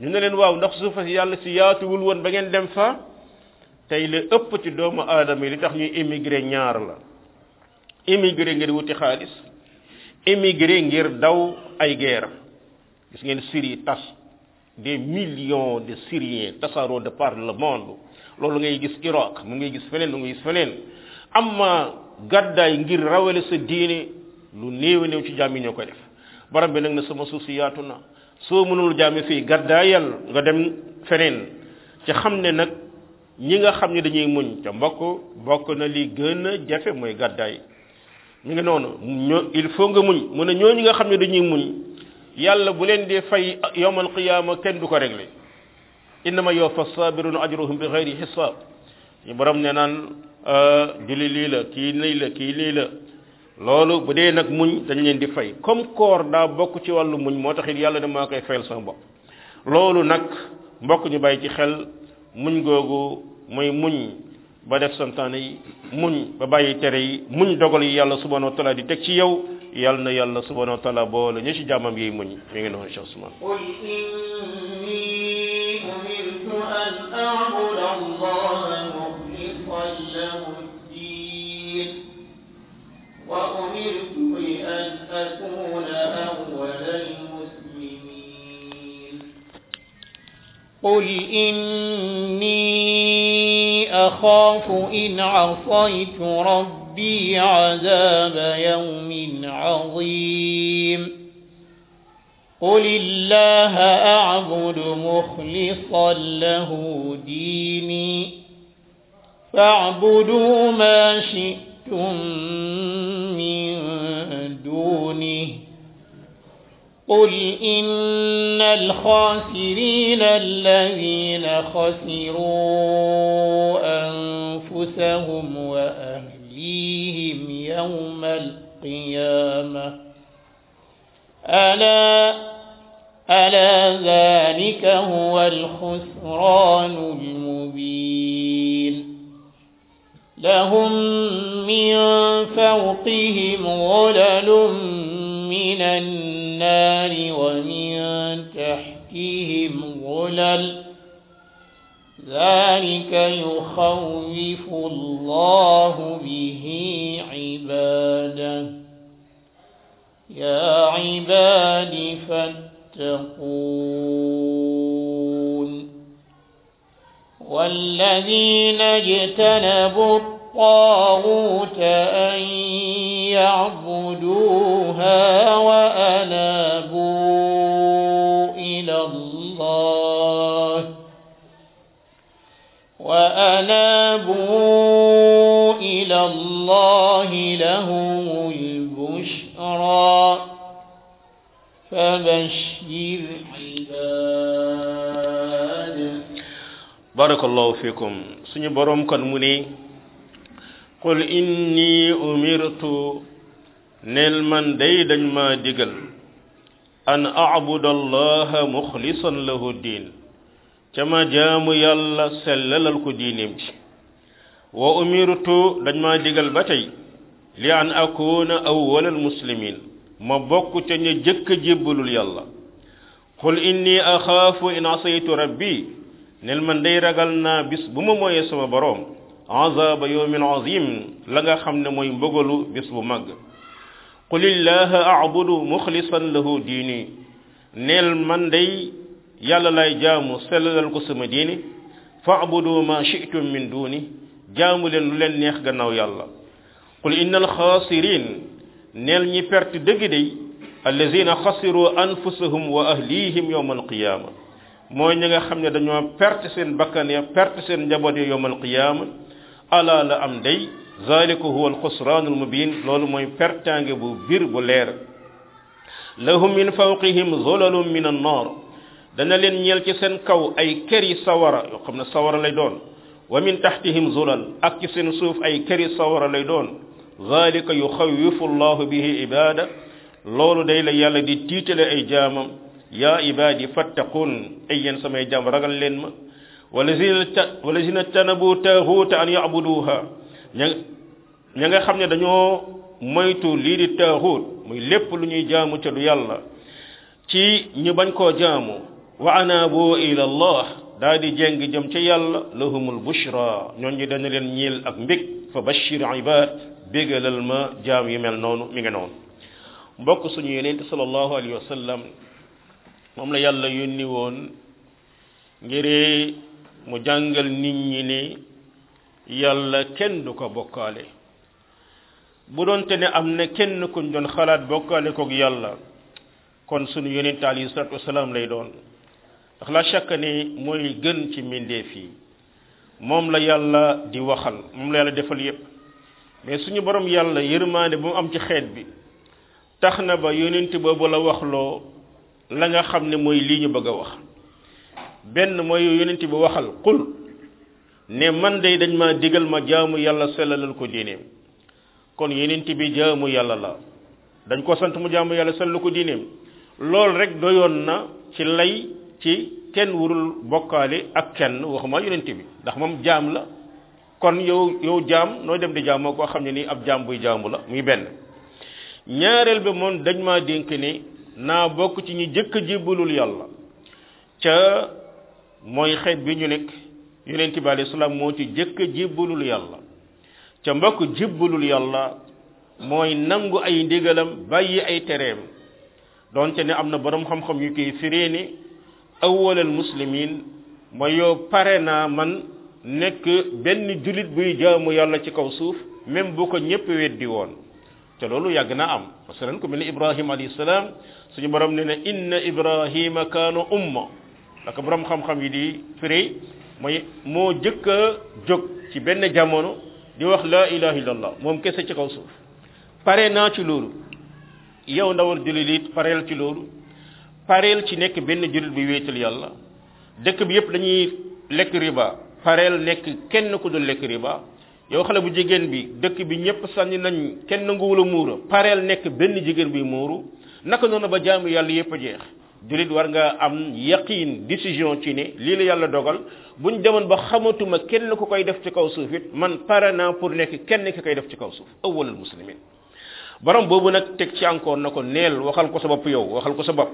ñu ne leen waaw ndax suufa si yàlla si yaatuwul woon ba ngeen dem fa tey la ëpp ci doomu aadama yi li tax ñuy immigré ñaar la immigré ngir wuti xaalis émigré ngir daw ay guerre gis ngeen Syrie tas des millions de Syriens tasaaroo de par le monde loolu ngay gis Irak mu ngay gis feneen mu ngay gis feneen amma gàddaay ngir rawale sa diine lu néew néew ci jaam yi ñoo koy def barab bi nag na sama suuf si yaatu na soo mënul jaami fii gàddaayal nga dem feneen ci xam ne nag ñi nga xam ne dañuy muñ te mbokk bokk na li gën a jafe mooy gàddaay ñu ngi noonu ñoo il faut nga muñ mu ne ñooñu nga xam ne dañuy muñ yàlla bu leen dee fay yowmal qiyaama kenn du ko réglé innama yuwaffa sabiruna ajruhum bi xayri xisaab ñu borom ne naan ah, julli lii la kii nii la kii nii la loolu bu dee nag muñ dañu leen di fay comme koor daa bokk ci wàllu muñ moo tax it yàlla ne maa koy fayal sama bopp loolu nag mbokk ñu bàyyi ci xel muñ googu mooy muñ ba def santane yi muñ ba bàyyi tere yi muñ dogal yi yàlla subhanahu wa taala di teg ci yow yàlla na yàlla subhanahu wa taala boole ñi ci jàmmam yi muñ mi ngi noonu cheikh ousmane قل إني أخاف إن عصيت ربي عذاب يوم عظيم قل الله أعبد مخلصا له ديني فاعبدوا ما شئتم من دونه قل إن الخاسرين الذين خسروا أنفسهم وأهليهم يوم القيامة ألا ألا ذلك هو الخسران المبين لهم من فوقهم غلل من النار ومن تحتهم غلل ذلك يخوف الله به عباده يا عباد فاتقون والذين اجتنبوا الطاغوت أن ليعبدوها وأنابوا إلى الله وأنابوا إلى الله له البشرى فبشر عباد بارك الله فيكم سنبرم كان مني qul inni umirtu neel man day dañ ma digal an abuda allaha muxlisan lahu diin ca ma jaamu yàlla sellalal ko diineem ci wa umirtu dañ ma digal ba tey li an akuna awwalal muslimin ma bokk ca ña jëkk jébbalul yàlla qul inni axaafu in asaytu rabbi neel man day ragal naa bis bu ma mooyee sama boroom عذاب يوم عظيم لغا خمن موي مبغلو بس مغ قل الله اعبد مخلصا له ديني نيل من داي يالا لاي جامو سلال كو ديني فاعبدوا ما شئتم من دوني جامو لن لن نيخ يالا قل ان الخاسرين نيل ني بيرت دغ الذين خسروا انفسهم واهليهم يوم القيامه موي نيغا خمن دانيو بيرت سين بكان يا بيرت سين نجابوت يوم القيامه ala la am day zalika huwa al-khusran al-mubin lolou moy pertange bu bir bu leer lahum min fawqihim zulalun min an-nar dana len ñel ci sen kaw ay keri sawara yo xamna sawara lay doon wa min tahtihim zulal ak ci sen suuf ay keri sawara lay doon zalika yukhawwifu allah bihi ibada lolou day la yalla di titale ay jaamam ya ibadi fattaqun ay yeen samay jaam ragal len ma walazina tanabu taxuuta an yabuduha ña nga xam ne dañoo moytu lii di taxuut muy lépp lu ñuy jaamu ca du yàlla ci ñu bañ koo jaamu wa anabu ila allah daa di jeng jëm ca yàlla lahumul bushra ñoon ñi dana leen ñiil ak mbég fa bashir ibad bégalal ma jaam yu mel noonu mi ngi noonu mbokk suñu yenente salallahu alayhi wa sallam moom la yàlla yónni woon ngir mu jàngal nit ñi ni yàlla kenn du ko bokkaale bu doonte ne am na kenn kuñ doon xalaat bokkaale kook yàlla kon sunu yonent alayhi salaatu wasalaam lay doon ndax la shakk ni mooy gën ci mbindeef yi moom la yàlla di waxal moom la yàlla defal yépp mais suñu borom yàlla yërmaande bu mu am ci xeet bi tax na ba yonent boobu la waxloo la nga xam ne mooy lii ñu bëgg a wax benn mooy yonent bi waxal qul ne man day dañ ma digal ma jaamu yàlla sellalal ko diineem kon yonent bi jaamu yàlla la dañ koo sant mu jaamu yàlla lu ko diineem loolu rek doyoon na ci lay ci kenn warul bokkaale ak kenn waxuma yonent bi ndax moom jaam la kon yow yow jaam noo dem di jaamoo koo xam ne nii ab jaam buy jaamu la muy benn ñaareel bi moom dañ maa dénk ni naa bokk ci ñu jëkk jébbalul yàlla ca mooy xeet bi ñu nekk yonent bi alayhi salaam moo ci jëkk a jébbalul yàlla ca mbokk jébbalul yàlla mooy nangu ay ndigalam bàyyi ay tereem donte ne am na boroom xam-xam yu koy firee ni awwalal muslimin mooy yow pare naa man nekk benn jullit buy jaamu yàlla ci kaw suuf même bu ko ñépp weddi woon te loolu yàgg na am masalan ku mel ni ibrahim alayhi salaam suñu borom ne na inna ibrahima kaana umma naka borom xam-xam yi di firi mooy moo jëkk a jóg ci benn jamono di wax la ilaha illallah moom kese ci kaw suuf pare naa ci loolu yow ndawal jullit pareel ci loolu pareel ci nekk benn jullit bi wéetal yàlla dëkk bi yépp dañuy lekk riba pareel nekk kenn ku dul lekk riba yow xale bu jigéen bi dëkk bi ñëpp sànni nañ kenn nanguwul a muura pareel nekk benn jigéen bi muuru naka noonu ba jaamu yàlla yépp a jeex jullit war nga am yaqin décision ci ni lii la yàlla dogal buñ demoon ba xamatuma kenn ku koy def ci kaw suuf it man pare naa pour nekk kenn ki koy def ci kaw suuf awwalul muslimin borom boobu nag teg ci encore na ko neel waxal ko sa bopp yow waxal ko sa bopp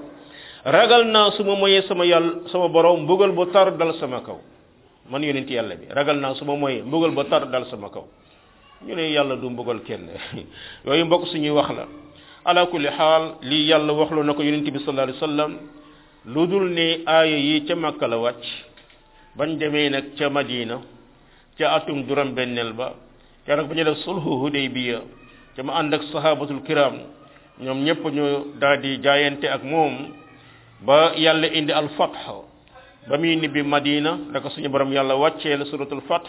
ragal naa su ma moyee sama yàlla sama borom mbugal bu tar dal sama kaw man yonent yàlla bi ragal naa su ma moyee mbugal ba tar dal sama kaw ñu ne yàlla du mbugal kenn yooyu mbokk suñuy wax la ala kulli xaal lii yàlla waxlu na ko yonente bi sallallahu alayhi wasallam lu dul ne aaya yi ca Makka la wàcc bañ demee nag ca Madina ca atum duram benneel ba ca nag ba ñu def sulhu Hudaybiya ca ma ànd ak sahabatul kiram ñoom ñëpp ñu daldi jaayante ak moom ba yàlla indi al fath ba muy nibbi Madina da ko suñu borom yàlla wàccee la suratul fath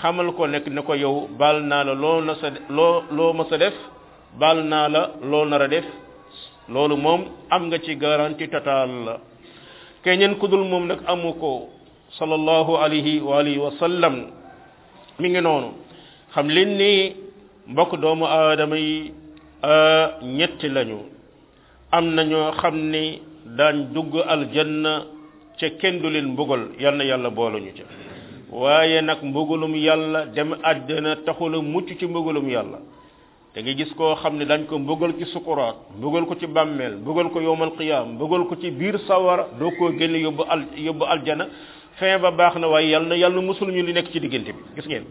xamal ko nekk ne ko yow baal naa la loo na sa loo loo ma sa def baal naa la loo nar a def loolu moom am nga ci garantie totale la keneen ku dul moom nag amu ko sallallahu alayhi wa alihi wa sallam mi ngi noonu xam leen ni mbokk doomu aadama yi ñetti lañu am na ñoo xam ni daan dugg aljanna ca kenn du leen mbugal yal na yàlla booluñu ca waaye nag mbugalum yàlla dem àddina taxula mucc ci mbugalum yàlla da nga gis koo xam ne dañ ko mbugal ci sukuraat mbugal ko ci bàmmeel mbugal ko yowmal qiyaam mbugal ko ci biir sawara doo koo génn yóbbu al yóbbu aljana fin ba baax na waaye yàlla na yàlla musul ñu li nekk ci diggante bi gis ngeen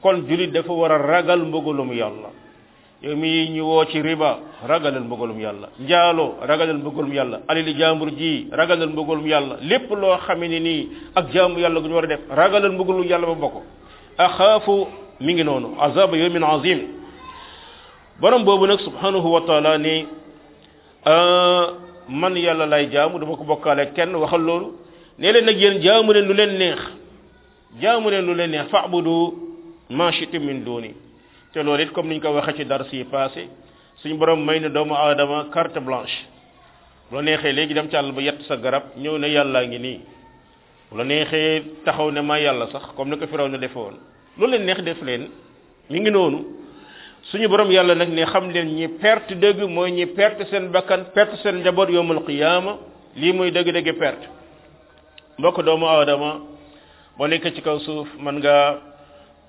kon jullit dafa war a ragal mbugalum yàlla yow mi ñu woo ci riba ragalal mbugalum yàlla njaaloo ragalal mbugalum yàlla alali jaambur ji ragalal mbugalum yàlla lépp loo xame ne nii ak jaamu yàlla gu ñu war a def ragalal mbugalum yàlla ba bokk axaafu mi ngi noonu azaba yawmin azim borom boobu nag subhanahu wa taala ni ah, man yàlla lay jaamu dama ko bokkaale kenn waxal loolu nee leen nag yéen jaamu leen lu leen neex jaamu leen lu leen neex fa'budu ma shi'tum min duni te loolu it comme niñ ko waxee ci dara si passé suñu borom may na doomu aadama carte blanche bu la neexee léegi dem ci àll ba yett sa garab ñëw ne yàllaa ngi nii bu la neexee taxaw ne ma yàlla sax comme ni ko firaw na defe woon lu leen neex def leen mi ngi noonu suñu borom yàlla nag ne xam leen ñi perte dëgg mooy ñi perte seen bakkan perte seen njaboot yowmal qiyaama lii mooy dëgg-dëgg perte mbokk doomu aadama boo nekkee ci kaw suuf mën nga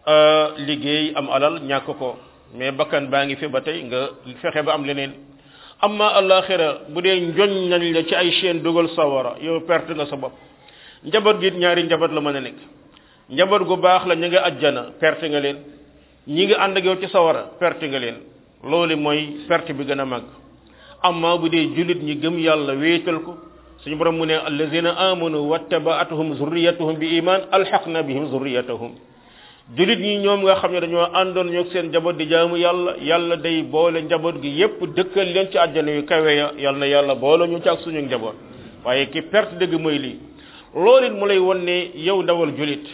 euh, liggéey am alal ñàkk ko mais bakkan baa ngi fi ba tey nga fexe ba am leneen amma alaxira bu dee njoñ nañ la ci ay chaîne dugal sawara yow perte nga sa bopp njaboot gi ñaari njaboot la mën a nekk njaboot gu baax la ñu nga ajjana perte nga leen ñi nga ànd ak yow ci sawara perte nga leen loolu mooy perte bi gën a mag amma bu dee jullit ñi gëm yàlla wéetal ko suñu borom mu ne allazina amanu wattabaatuhum zurriyatuhum bi iman alxaqna bihim zurriyatahum jullit ñi ñoom nga xam ne dañoo àndoon ñoo seen njaboot di jaamu yàlla yàlla day boole njaboot gi yépp dëkkal leen ci àjjana yu kawe ya yàlla na yàlla boole ñu ci ak suñu njaboot waaye ki perte dëgg mooy lii loolu mu lay won ne yow dawal jullit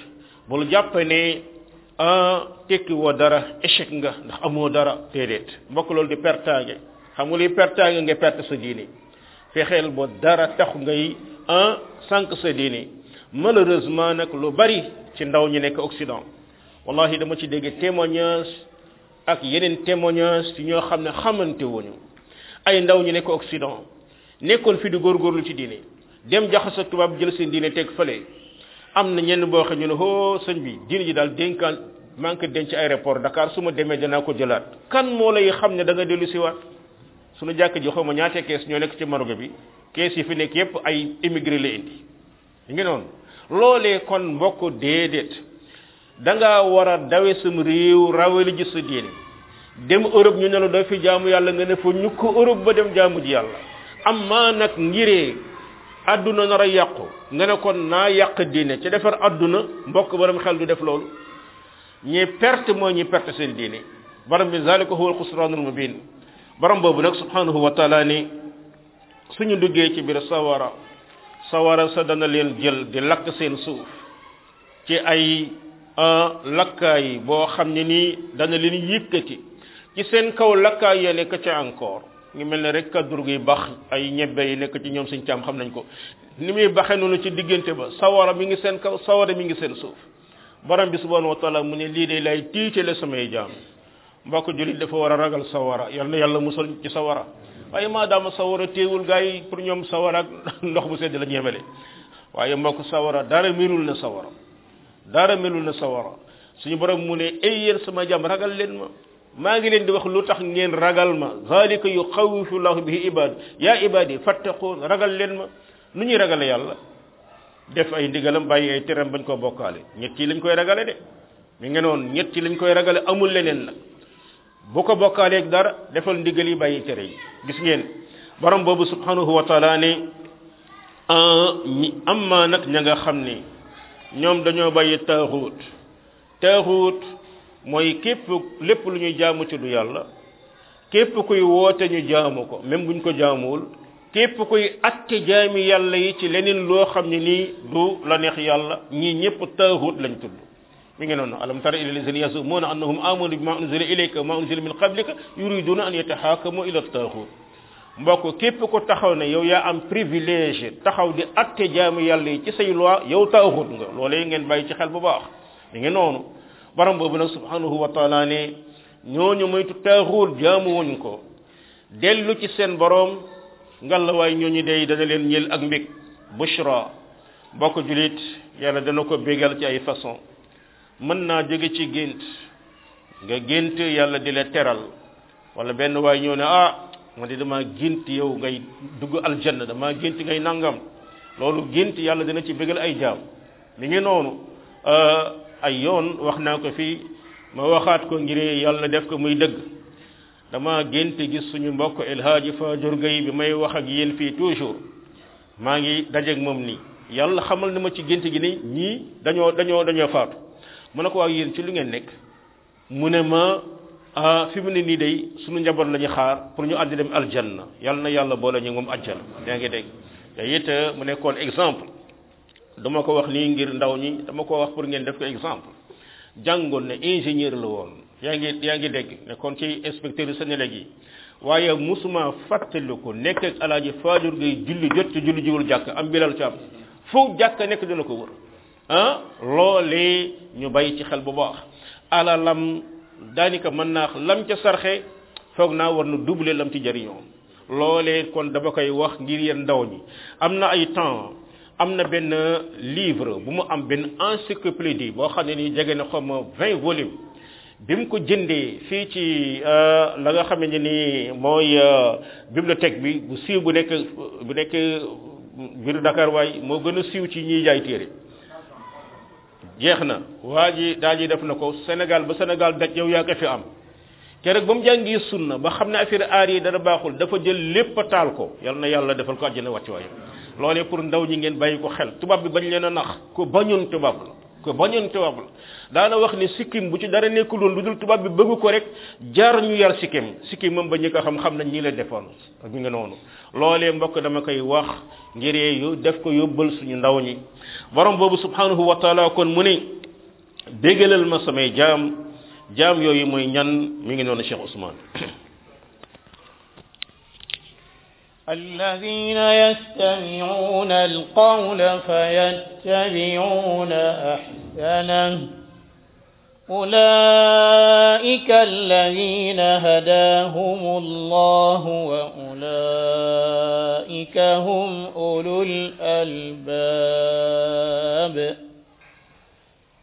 tekki woo dara échec nga ndax amoo dara déedéet mbokk loolu di pertaange xam nga liy pertaange nga perte sa diine fexeel ba dara taxu ngay un sànq sa diini malheureusement nag lu bari ci ndaw ñi nekk Occident wallahi dama ci dégg témoignage ak yeneen témoignage ci ñoo xam ne xamante wuñu ay ndaw ñu nekk Occident nekkoon fi di góorgóorlu ci diine dem jaxasoo tubaab jël seen diine teg fële am na ñenn boo xam ñu ne hoo sëñ bi diine ji daal dénkaal maa ngi ko denc aéroport Dakar su ma demee danaa ko jëlaat kan moo lay xam ne da nga dellu si waat suñu jàkk ji xaw ma ñaatee kees ñoo nekk ci Maroc bi kees yi fi nekk yépp ay immigré la indi yi ngi noonu loolee kon mbokk déedéet da nga war a dawe sam réew raweli ji sa diine dem Europe ñu ne la doo fi jaamu yàlla nga ne fa ñu ko Europe ba dem jaamu ji yàlla am maa nag ngiree adduna nar a yàqu nga ne kon naa yàq diine ci defar adduna mbokk borom xel du def loolu ñi perte mooy ñi perte seen diine borom bi zalika huwa alxusraanul mubin borom boobu nag subhanahu wa taala ni suñu duggee ci biir sawara sawara sa dana leen jël di lakk seen suuf ci ay lakkaay boo xam ne ni dana leen yëkkati ci seen kaw lakkaay ya nekk ca encore ngi mel ne rek kaddur gi baax ay ñebbe yi nekk ci ñoom suñ caam xam nañ ko ni muy baxe noonu ci diggante ba sawara mi ngi seen kaw sawara mi ngi seen suuf borom bi subhanahu wa taala mu ne lii de lay tiitale samay jaam mbokk jullit dafa war a ragal sawara yal na yàlla musal ci sawara waaye maadaama sawara téewul gars yi pour ñoom sawara ak ndox mu sedd la ñu yemale waaye mbokk sawara dara melul na sawara dara melul na sawara suñu borom mu ne ay sama jaam ragal leen ma maa ngi leen di wax lu tax ngeen ragal ma zalika yuxawifu llahu bi ibadu yaa ibadi fattaquun ragal leen ma nu ñuy ragale yàlla def ay ndigalam bàyyi ay teram bañ koo bokkaale ñett yi lañ koy ragale mi ngi ñett yi lañ koy ragale amul leneen nag boo ko bokkaaleeg dara defal ndigal yi bàyyi tere yi gis ngeen borom boobu subhanahu wa taala ne ah, amma nag ña nga xam ne ñoom dañoo bàyyi taaxuut taaxuut mooy képp lépp lu ñuy jaamu ci du yàlla képp kuy woote ñu jaamu ko même buñ ko jaamuwul képp kuy atte jaami yàlla yi ci leneen loo xam ni nii du la neex yàlla ñii ñëpp taaxut lañ tudd mi ngi noonu alam tara ila lazina yasumuuna annahum amanu bima unzila ilayka ma unzila min qablika yuriduna an yataxaakamu ila taaxut mbokk képp ko taxaw ne yow yaa am privilège taxaw di atte jaami yàlla yi ci say loi yow taaxut nga loolee ngeen xel bu baax mi noonu borom boobu nag subhanahu wa taala ne ñooñu moytu taaxuur jaamu wuñ ko dellu ci seen borom ngalawaay ñooñu day dana leen ñël ak mbég bushra bokk julit yàlla dana ko bégal ci ay façon mën naa jege ci gént nga gént yàlla di la teral wala benn waay ñëw ne ah man de damaa gént yow ngay dugg aljanna damaa gént ngay nangam loolu gént yàlla dana ci bégal ay jaam mi ngi noonu euh, ay yoon wax naa ko fi ma waxaat ko ngir yàlla def ko muy dëgg dama gént gis suñu mbokk El Hadji Fajur Gueye bi may wax ak yéen fii toujours maa ngi dajeeg moom nii yàlla xamal na ma ci gént gi ni nii dañoo dañoo dañoo faatu mu ne ko waaw yéen ci lu ngeen nekk mu ne ma fi mu ne nii day suñu njaboot lañuy xaar pour ñu àddi dem aljanna yàlla na yàlla boole ñu moom aljanna yaa ngi dégg te it mu nekkoon exemple dama ko wax nii ngir ndaw ñi dama ko wax pour ngeen def ko exemple jàngoon ne ingénieur la woon yaa ngi yaa ngi dégg kon ci inspecteur Senelec gi waaye musuma fàttaliku nekk ak alaaji Faajur ngay julli jot ci julli jiwul jàkk am bilal ci am foo jàkk nekk dina ko wër ah loolee ñu bàyyi ci xel bu baax alalam daanaka mën naa lam ca sarxe foog naa war na double lam ci jariñoo loole kon dama koy wax ngir yéen ndaw ñi am na ay temps am na benn livre bu mu am benn encyclopédie boo xam ne ni jege na xaw ma vingt volumes bi mu ko jëndee fii ci euh, la nga xam ne nii mooy euh, bibliothèque bi bu siiw bu nekk bu nekk euh, biiru Dakar waaye moo gën a siiw ci ñuy jaay téere jeex na waa ji daal ji def na ko Sénégal ba Sénégal daj yow yaa ko fi am keroog ba mu jàngi sunna ba xam ne affaire aar yi dara baaxul dafa jël lépp taal ko yal na yàlla defal ko àjjana wàcc waaye loolee pour ndaw ñi ngeen bàyyi ko xel tubaab bi bañ leen a nax ko bañoon tubaab la ko bañoon tubaab la daana wax ni sikkim bu ci dara nekkuloon lu dul tubaab bi bëgg ko rek jaar ñu yar sikkim sikkim moom ba ñi ko xam xam nañ ñi la defoon ak ñu nga noonu loolee mbokk dama koy wax ngir yu def ko yóbbal suñu ndaw ñi borom boobu subhanahu wa taala kon mu ne déggalal ma samay jaam jaam yooyu mooy ñan mu ngi noonu Cheikh Ousmane الذين يستمعون القول فيتبعون أحسنه أولئك الذين هداهم الله وأولئك هم أولو الألباب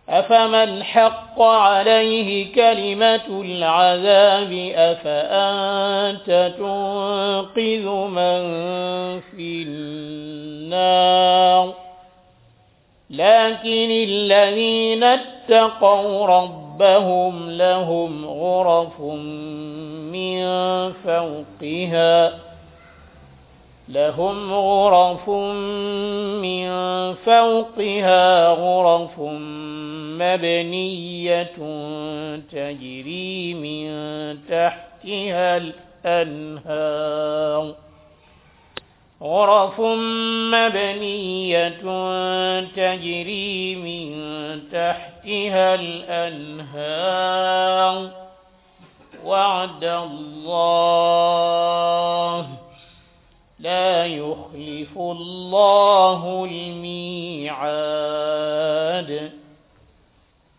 أفمن حق عليه كلمة العذاب أفأنت تنقذ من في النار لكن الذين اتقوا ربهم لهم غرف من فوقها لهم غرف من فوقها غرف مبنية تجري من تحتها الأنهار غرف مبنية تجري من تحتها الأنهار وعد الله لا يخلف الله الميعاد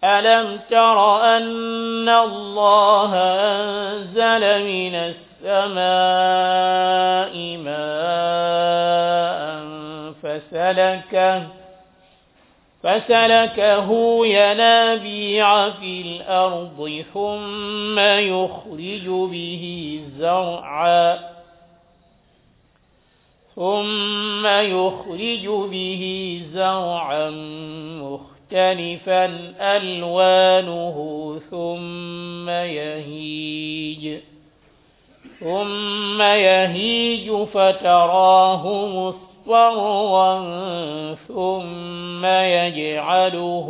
ألم تر أن الله أنزل من السماء ماء فسلكه فسلكه ينابيع في الأرض ثم يخرج به زرعاً ثم يخرج به زرعا مختلفا ألوانه ثم يهيج ثم يهيج فتراه مصفرا ثم يجعله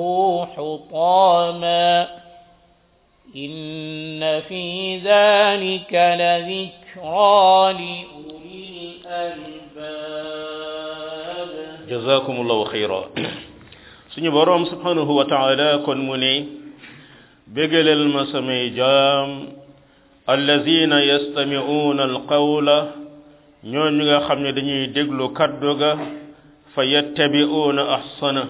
حطاما إن في ذلك لذكرى لأولي الألباب jazakumullahu khayra suñu borom subhanahu wa ta'ala kon mu ne bégalel ma samay jaam allazina yastami'una alqawla ñooñu nga xam ne dañuy déglu kaddu ga fa yattabi'una ahsana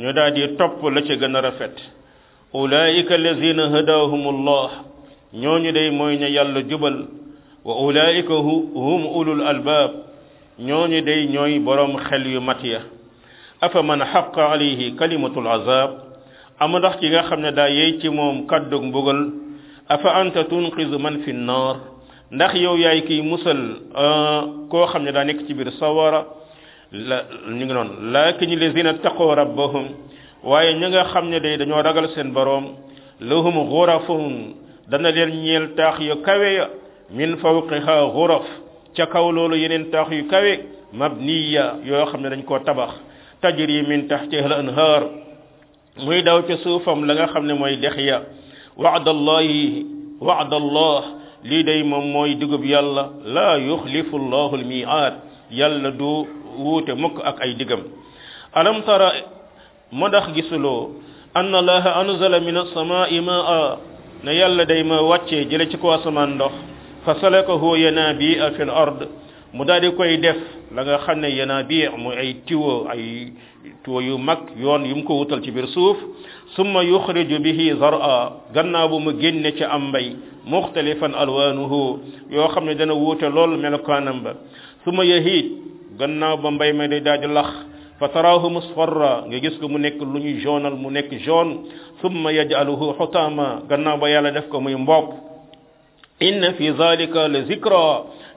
ñu daal di topp la ca gën a rafet ulaika allazina hadahum allah ñooñu day mooy ña yàlla jubal wa ulaika hum ulul albab ñooñu day ñooy borom xel yu mat ya afa man xaqa alayhi kalimatul azab am ndax ki nga xam ne daa yey ci moom kaddu mbugal afa anta tunqizu man fi nnar ndax yow yaay kiy musal koo xam ne daa nekk ci biir sawara la ñu ngi noonu lakin lazina taqo rabbahum waaye ñi nga xam ne day dañoo ragal seen borom lahum ghurafun dana leen ñeel taax yu kawe ya min fawqiha ghuraf ca kaw loolu yeneen taax yu kawe mabniya yoo xam ne dañ ko tabax tajri min tahtiha al anhar muy daw ci suufam la nga xam ne mooy dex ya wa'd allah lii day moom mooy dugub yàlla la yuxlifu allahu al mi'ad yàlla du wuute mukk ak ay digam alam tara mo ndax gisuloo anna allaha anzala min as-samaa'i ma'a na yàlla day ma wàccee jële ci ko asamaan ndox fa salakahu yanabia fi l ard mu daal di koy def la nga xam ne yanabia mu ay tiwo ay tiwo yu mag yoon yu mu ko wutal ci biir suuf summa yuxriju bihi zara gannaaw bu mu génne ci am mbay muxtalifan alwanuhu yoo xam ne dana wuute lool melokaanam ba summa yahid gannaaw ba mbay ma day daal di lax fa taraahu musfarra nga gis ko mu nekk lu ñu joonal mu nekk jaune summa yajaluhu xutaama gannaaw ba yàlla def ko muy mbopp inna fi zalika la zikra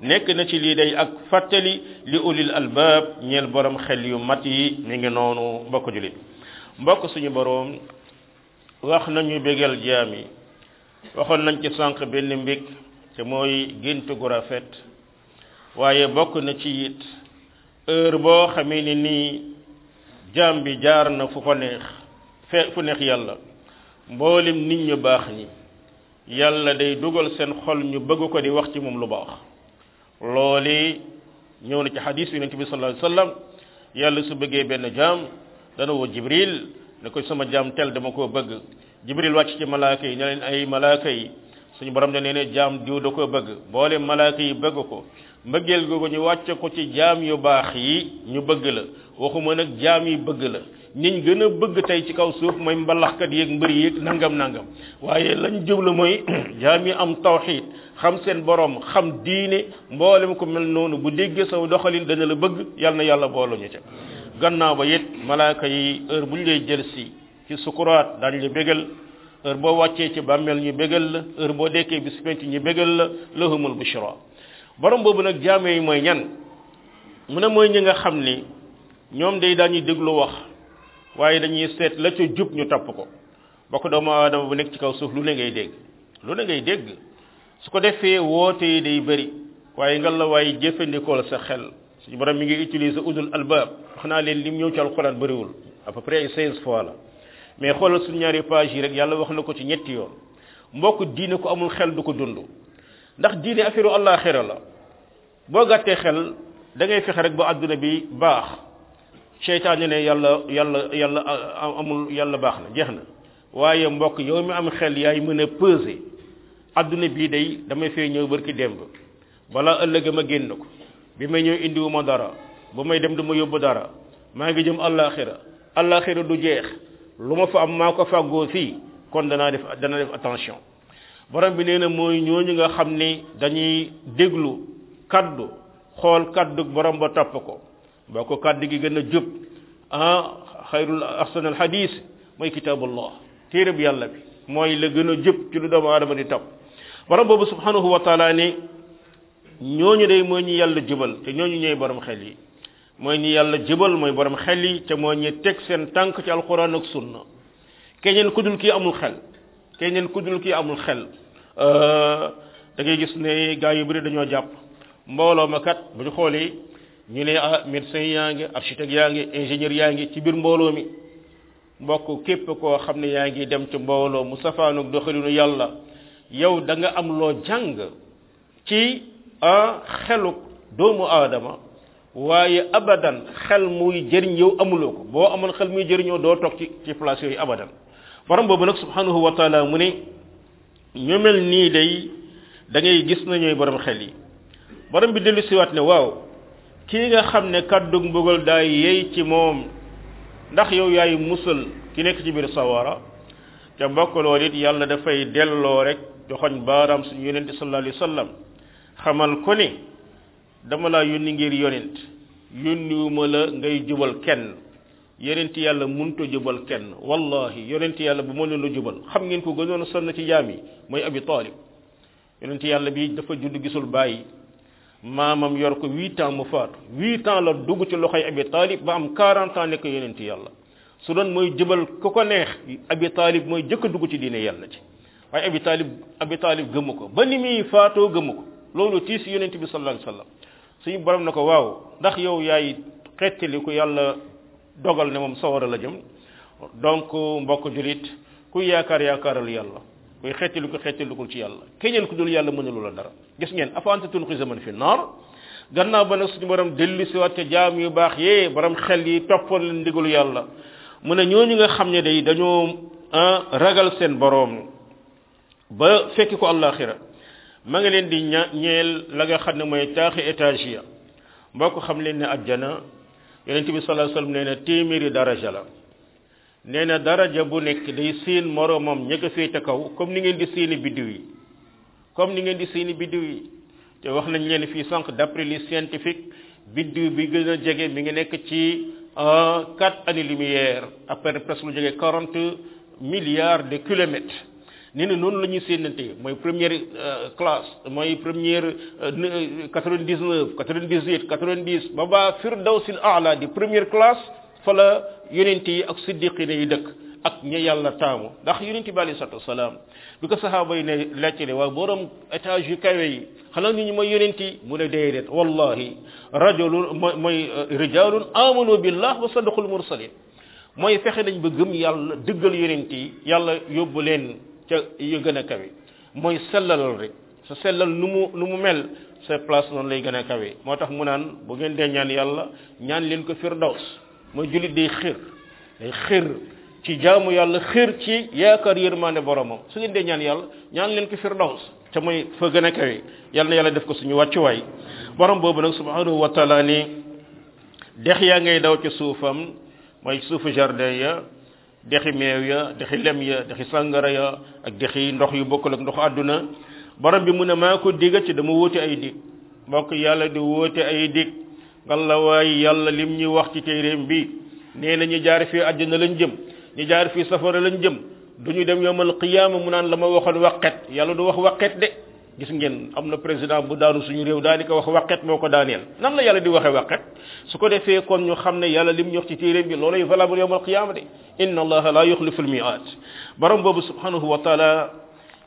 nekk na ci lii day ak fàttali li ulil albab ñeel borom xel yu mat yi mi ngi noonu mbokk julit mbokk suñu borom wax nañu bégal jaam yi waxoon nañ ci sànq benn mbig te mooy gént gu rafet waaye bokk na ci it heure boo xamee ni nii jaam bi jaar na fu ko neex fe fu neex yàlla mboolem nit ñu baax ñi yàlla day dugal seen xol ñu bëgg ko di wax ci moom lu baax looli ñëw na ci xadis bi yonente bi sallallahu alayhi wasallam yàlla su bëggee benn jaam dana woo jibril ne ko sama jaam tel dama koo bëgg jibril wàcc ci malaaka yi ne leen ay malaaka yi suñu borom ne ne jaam diw da ko bëgg boole malaaka yi bëgg ko mbëggeel googu ñu wàcce ko ci jaam yu baax yi ñu bëgg la waxuma nag jaam yi bëgg la ñiñ gën a bëgg tey ci kaw suuf mooy mbalaxkat yeeg mbër yeeg nangam nangam waaye lañ jublu mooy jaam yi am tawxiid xam seen borom xam diine mboolem ko mel noonu bu déggee saw doxalin dañu la bëgg yal na yàlla boolu ñu ca gannaaw ba it malaaka yi heure buñ lay jël si ci sukuraat dañ la bégal heure boo wàccee ci bàmmeel ñu bégal la heure boo dekkee bis penc ñu bégal la bu bushra borom boobu nag jaame yi mooy ñan mu ne mooy ñi nga xam ni ñoom day daañuy déglu wax waaye dañuy seet la ca jub ñu topp ko bokk doomu aadama bu nekk ci kaw suuf lu ne ngay dégg lu ne ngay dégg su ko defee woote yi day bëri waaye nga la waaye jëfandikoo la sa xel suñu borom mi ngi utiliser udul albab wax naa leen lim ñëw ci alquran bëriwul à peu près ay seize fois la mais xoolal suñu ñaari page yi rek yàlla wax na ko ci ñetti yoon mbokk diine ko amul xel du ko dund ndax diine affaire u àllaaxira la boo gàttee xel da ngay fexe rek ba àdduna bi baax seytaane ne yàlla yàlla yàlla amul yàlla baax na jeex na waaye mbokk yow mi am xel yaay mën a peser àdduna bii day damay fee ñëw barki démb balaa ëllëg ma génn ko bi may ñëw indiwu ma dara bu may dem du ma yóbbu dara maa ngi jëm àllaaxira àllaaxira du jeex lu ma fa am maa ko fàggoo fii kon danaa def dana def attention borom bi nee na mooy ñooñu nga xam ni dañuy déglu kaddu xool kàddu borom ba topp ko boo ko kàddu gi gën a jub ah xayrul ahsan al hadis mooy kitabullah téere bu yàlla bi mooy la gën a jub ci lu doomu aadama di taw borom boobu subhanahu wa taala ni ñooñu de mooy ñu yàlla jubal te ñooñu ñooy borom xel yi mooy ñu yàlla jubal mooy borom xel yi te mooy ñi teg seen tànk ci alquran ak sunna keneen ku dul kii amul xel keneen ku dul kii amul xel ah, da ngay gis ne gaa yu bëri dañoo jàpp mbooloo ma kat bu ñu xoolee ñu ne ah médecin yaa ngi architecte yaa ngi ingénieur yaa ngi ci biir mbooloo mi mbokk képp koo xam ne yaa ngi dem ci mbooloo mu safaanu doxalinu yàlla yow danga nga am loo jàng ci ah, xeluk doomu aadama waaye abadan xel muy jëriñ yow amuloo ko boo amoon xel muy jëriñoo doo toog ci ci place yooyu abadan borom boobu nag subhanahu wa mu ne ñu mel nii day da gis na ñooy borom xel yi borom bi dellu siwaat ne waaw kii nga xam ne kàddu mbugal daay yey ci moom ndax yow yaay musal ki nekk ci biir sawara te mbokk loolu it yàlla dafay delloo rek joxoñ baaraam suñu yonente sallallahu alayhi wa sallam xamal ko ni dama laa yónni ngir yonent yónniwuma la ngay jubal kenn yonent yàlla mënut a jubal kenn wallahi yonent yàlla bu mënoon a jubal xam ngeen ko gënoon a sonn ci jaam yi mooy abi taalib yonent yàlla bi dafa judd gisul bàyyi maamam yor ko huit ans mu faatu huit ans la dugg ci loxoy abi talib ba am quarante ans nekk yonent yàlla su doon mooy jëbal ku ko neex abi talib mooy jëkk a dugg ci diine yàlla ci waaye abi talib abi talib gëmu ko ba ni muy faatoo gëmm ko loolu tiis yonent bi sallallahu alayhi wasallam suñu borom na ko waaw ndax yow yaay xettali ku yàlla dogal ne moom sawara a jëm donc mbokk julit ku yaakaar yaakaaral yàlla koy xettali ko xettalikul ci yàlla keñeen ku dul yàlla mënalu la dara gis ngeen afanta tunqisa man fi naar gannaaw ba nag suñu borom dellu si waat jaam yu baax yee borom xel yi toppoon leen ndigalu yàlla mu ne ñooñu nga xam ne day dañoo ah, ragal seen boroom ba fekk ko àllaaxira ma ngi leen di ña ñeel la nga xam ne mooy taaxi étage ya mbokk xam leen ne àjjana yonent bi sallallahu alayhi wasallam nee na téeméeri daraja la nee na daraja bu nekk day séen moroomam ña ko féete kaw comme ni ngeen di séeni biddiw yi comme ni ngeen di séeni biddiw yi te wax nañ leen fii sànq d'après les scientifiques biddiw bi gën a jege mi ngi nekk ci euh, quatre années lumière après presque lu jege quarante milliards de kilomètres nee na noonu la ñuy séenante mooy première euh, classe mooy première euh, quatre-vingt-dix-neuf quatre-vingt-dix-huit quatre-vingt-dix ba baa firdawsil aala di première classe fa la yonent yi ak siddiqine yi dëkk ak ñi yàlla taamu ndax yonent bi alei salatu wasalaam bi ko sahaaba yi ne laajte ne waaw borom étage yu kawe yi xanaa ñu ñu mooy yonent yi mu ne déedéet wallahi rajulun mooy mooy euh, rijalun amanu billah wa sadaqul mursalin mooy fexe nañ ba gëm yàlla dëggal yonent yi yàlla yóbbu leen ca yu gën a kawe mooy sellalal rek sa sellal nu mu lu mu mel sa place noonu lay gën a kawe moo tax mu naan bu ngeen dee ñaan yàlla ñaan leen ko firdaws mooy jullit day xir day xir ci jaamu yàlla xiir ci yaakaar yërmande boromam su ngeen dee ñaan yàlla ñaan leen ko firdaws ca mooy fa gën a yàlla na yàlla def ko suñu wàccuwaay borom boobu nag subhanahu wa taala ni dex yaa ngay daw ci suufam mooy suufu jardin ya dexi meew ya dexi lem ya dexi sàngara ya ak dexi ndox yu bokkul ak ndox àdduna borom bi mu ne maa ko diga ci dama wóote ay dig mbokk yàlla di wóote ay dig la waaye yàlla lim ñu wax ci téeréem bi nee na ñu jaar fii àjjana lañ jëm ñi jaar fii safara lañ jëm du ñu dem yowmal qiyaama mu naan la ma waxoon waqet yàlla du wax waqet de gis ngeen am na président bu daanu suñu réew daani ko wax waqet moo ko daaneel nan la yàlla di waxee waqet su ko defee kon ñu xam ne yàlla lim ñu wax ci téeréem bi loolay valable yowmal qiyaama de inna allaha la yuxlifu al miat borom boobu subhanahu wa taala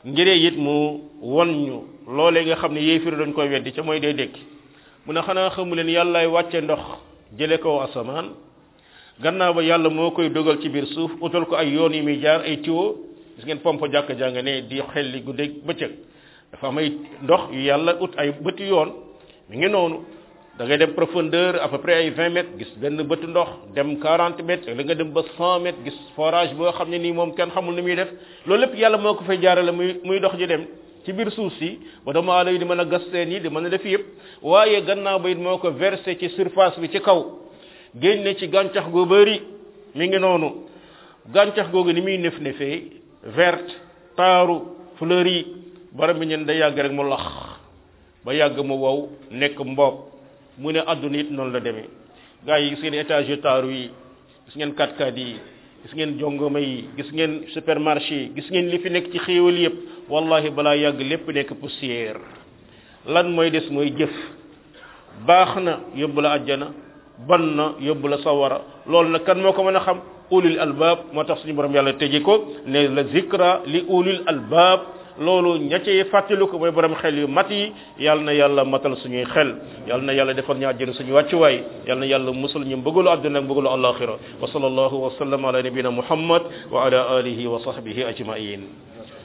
ngiree it mu won ñu loolee nga xam ne yéefir dañ koy weddi ca mooy day dékki mu ne xanaa xamuleen leen yàllaay wàcce ndox jële ko asamaan gannaaw ba yàlla moo koy dogal ci biir suuf utal ko ay yoon yi muy jaar ay tiwo gis ngeen pompe jàkk jàng ne di xelli guddeeg bëccëg dafa am ay ndox yu yàlla ut ay bëti yoon mu ngi noonu da ngay dem profondeur à peu près ay 20 mètres gis benn bëtu ndox dem 40 mètres la nga dem ba 100 mètres gis forage boo xam ne nii moom kenn xamul ni muy def loolu lépp yàlla moo ko fay jaarale muy muy dox ji dem ci biir suuf si ba doomu aadama yi di man a gas seen yi di mën a def yëpp waaye gannaaw ba it moo ko versé ci surface bi ci kaw génne ci gàncax gu bëri mi ngi noonu gàncax googu ni muy nef nefee verte taaru fleur yi baram bi ñeen day yàgg rek mu lax ba yàgg mu wow nekk mboob mu ne àdduna it noonu la demee gars yi gis ngeen étage yu taaru yi gis ngeen katkat yi gis ngeen jongoma yi gis ngeen supermarché yi gis ngeen li fi nekk ci xéewal yëpp والله بلا يغ لب نيك بوسيير لان موي ديس موي جيف باخنا يوبلا اجانا بن يوبلا سوارا لول نا كان موكو مانا خام اولي الالباب ما تخص ني بروم يالا تيجي كو ني لا ذكرى لاولي الالباب لولو نياتي فاتلوكو موي بروم خيل يو ماتي يالنا يالا ماتال سوني خيل يالنا يالا ديفال نيا جيرو سوني واتي واي يالنا يالا موسل ني مبغلو ادنا مبغلو الاخره وصلى الله وسلم على نبينا محمد وعلى اله وصحبه اجمعين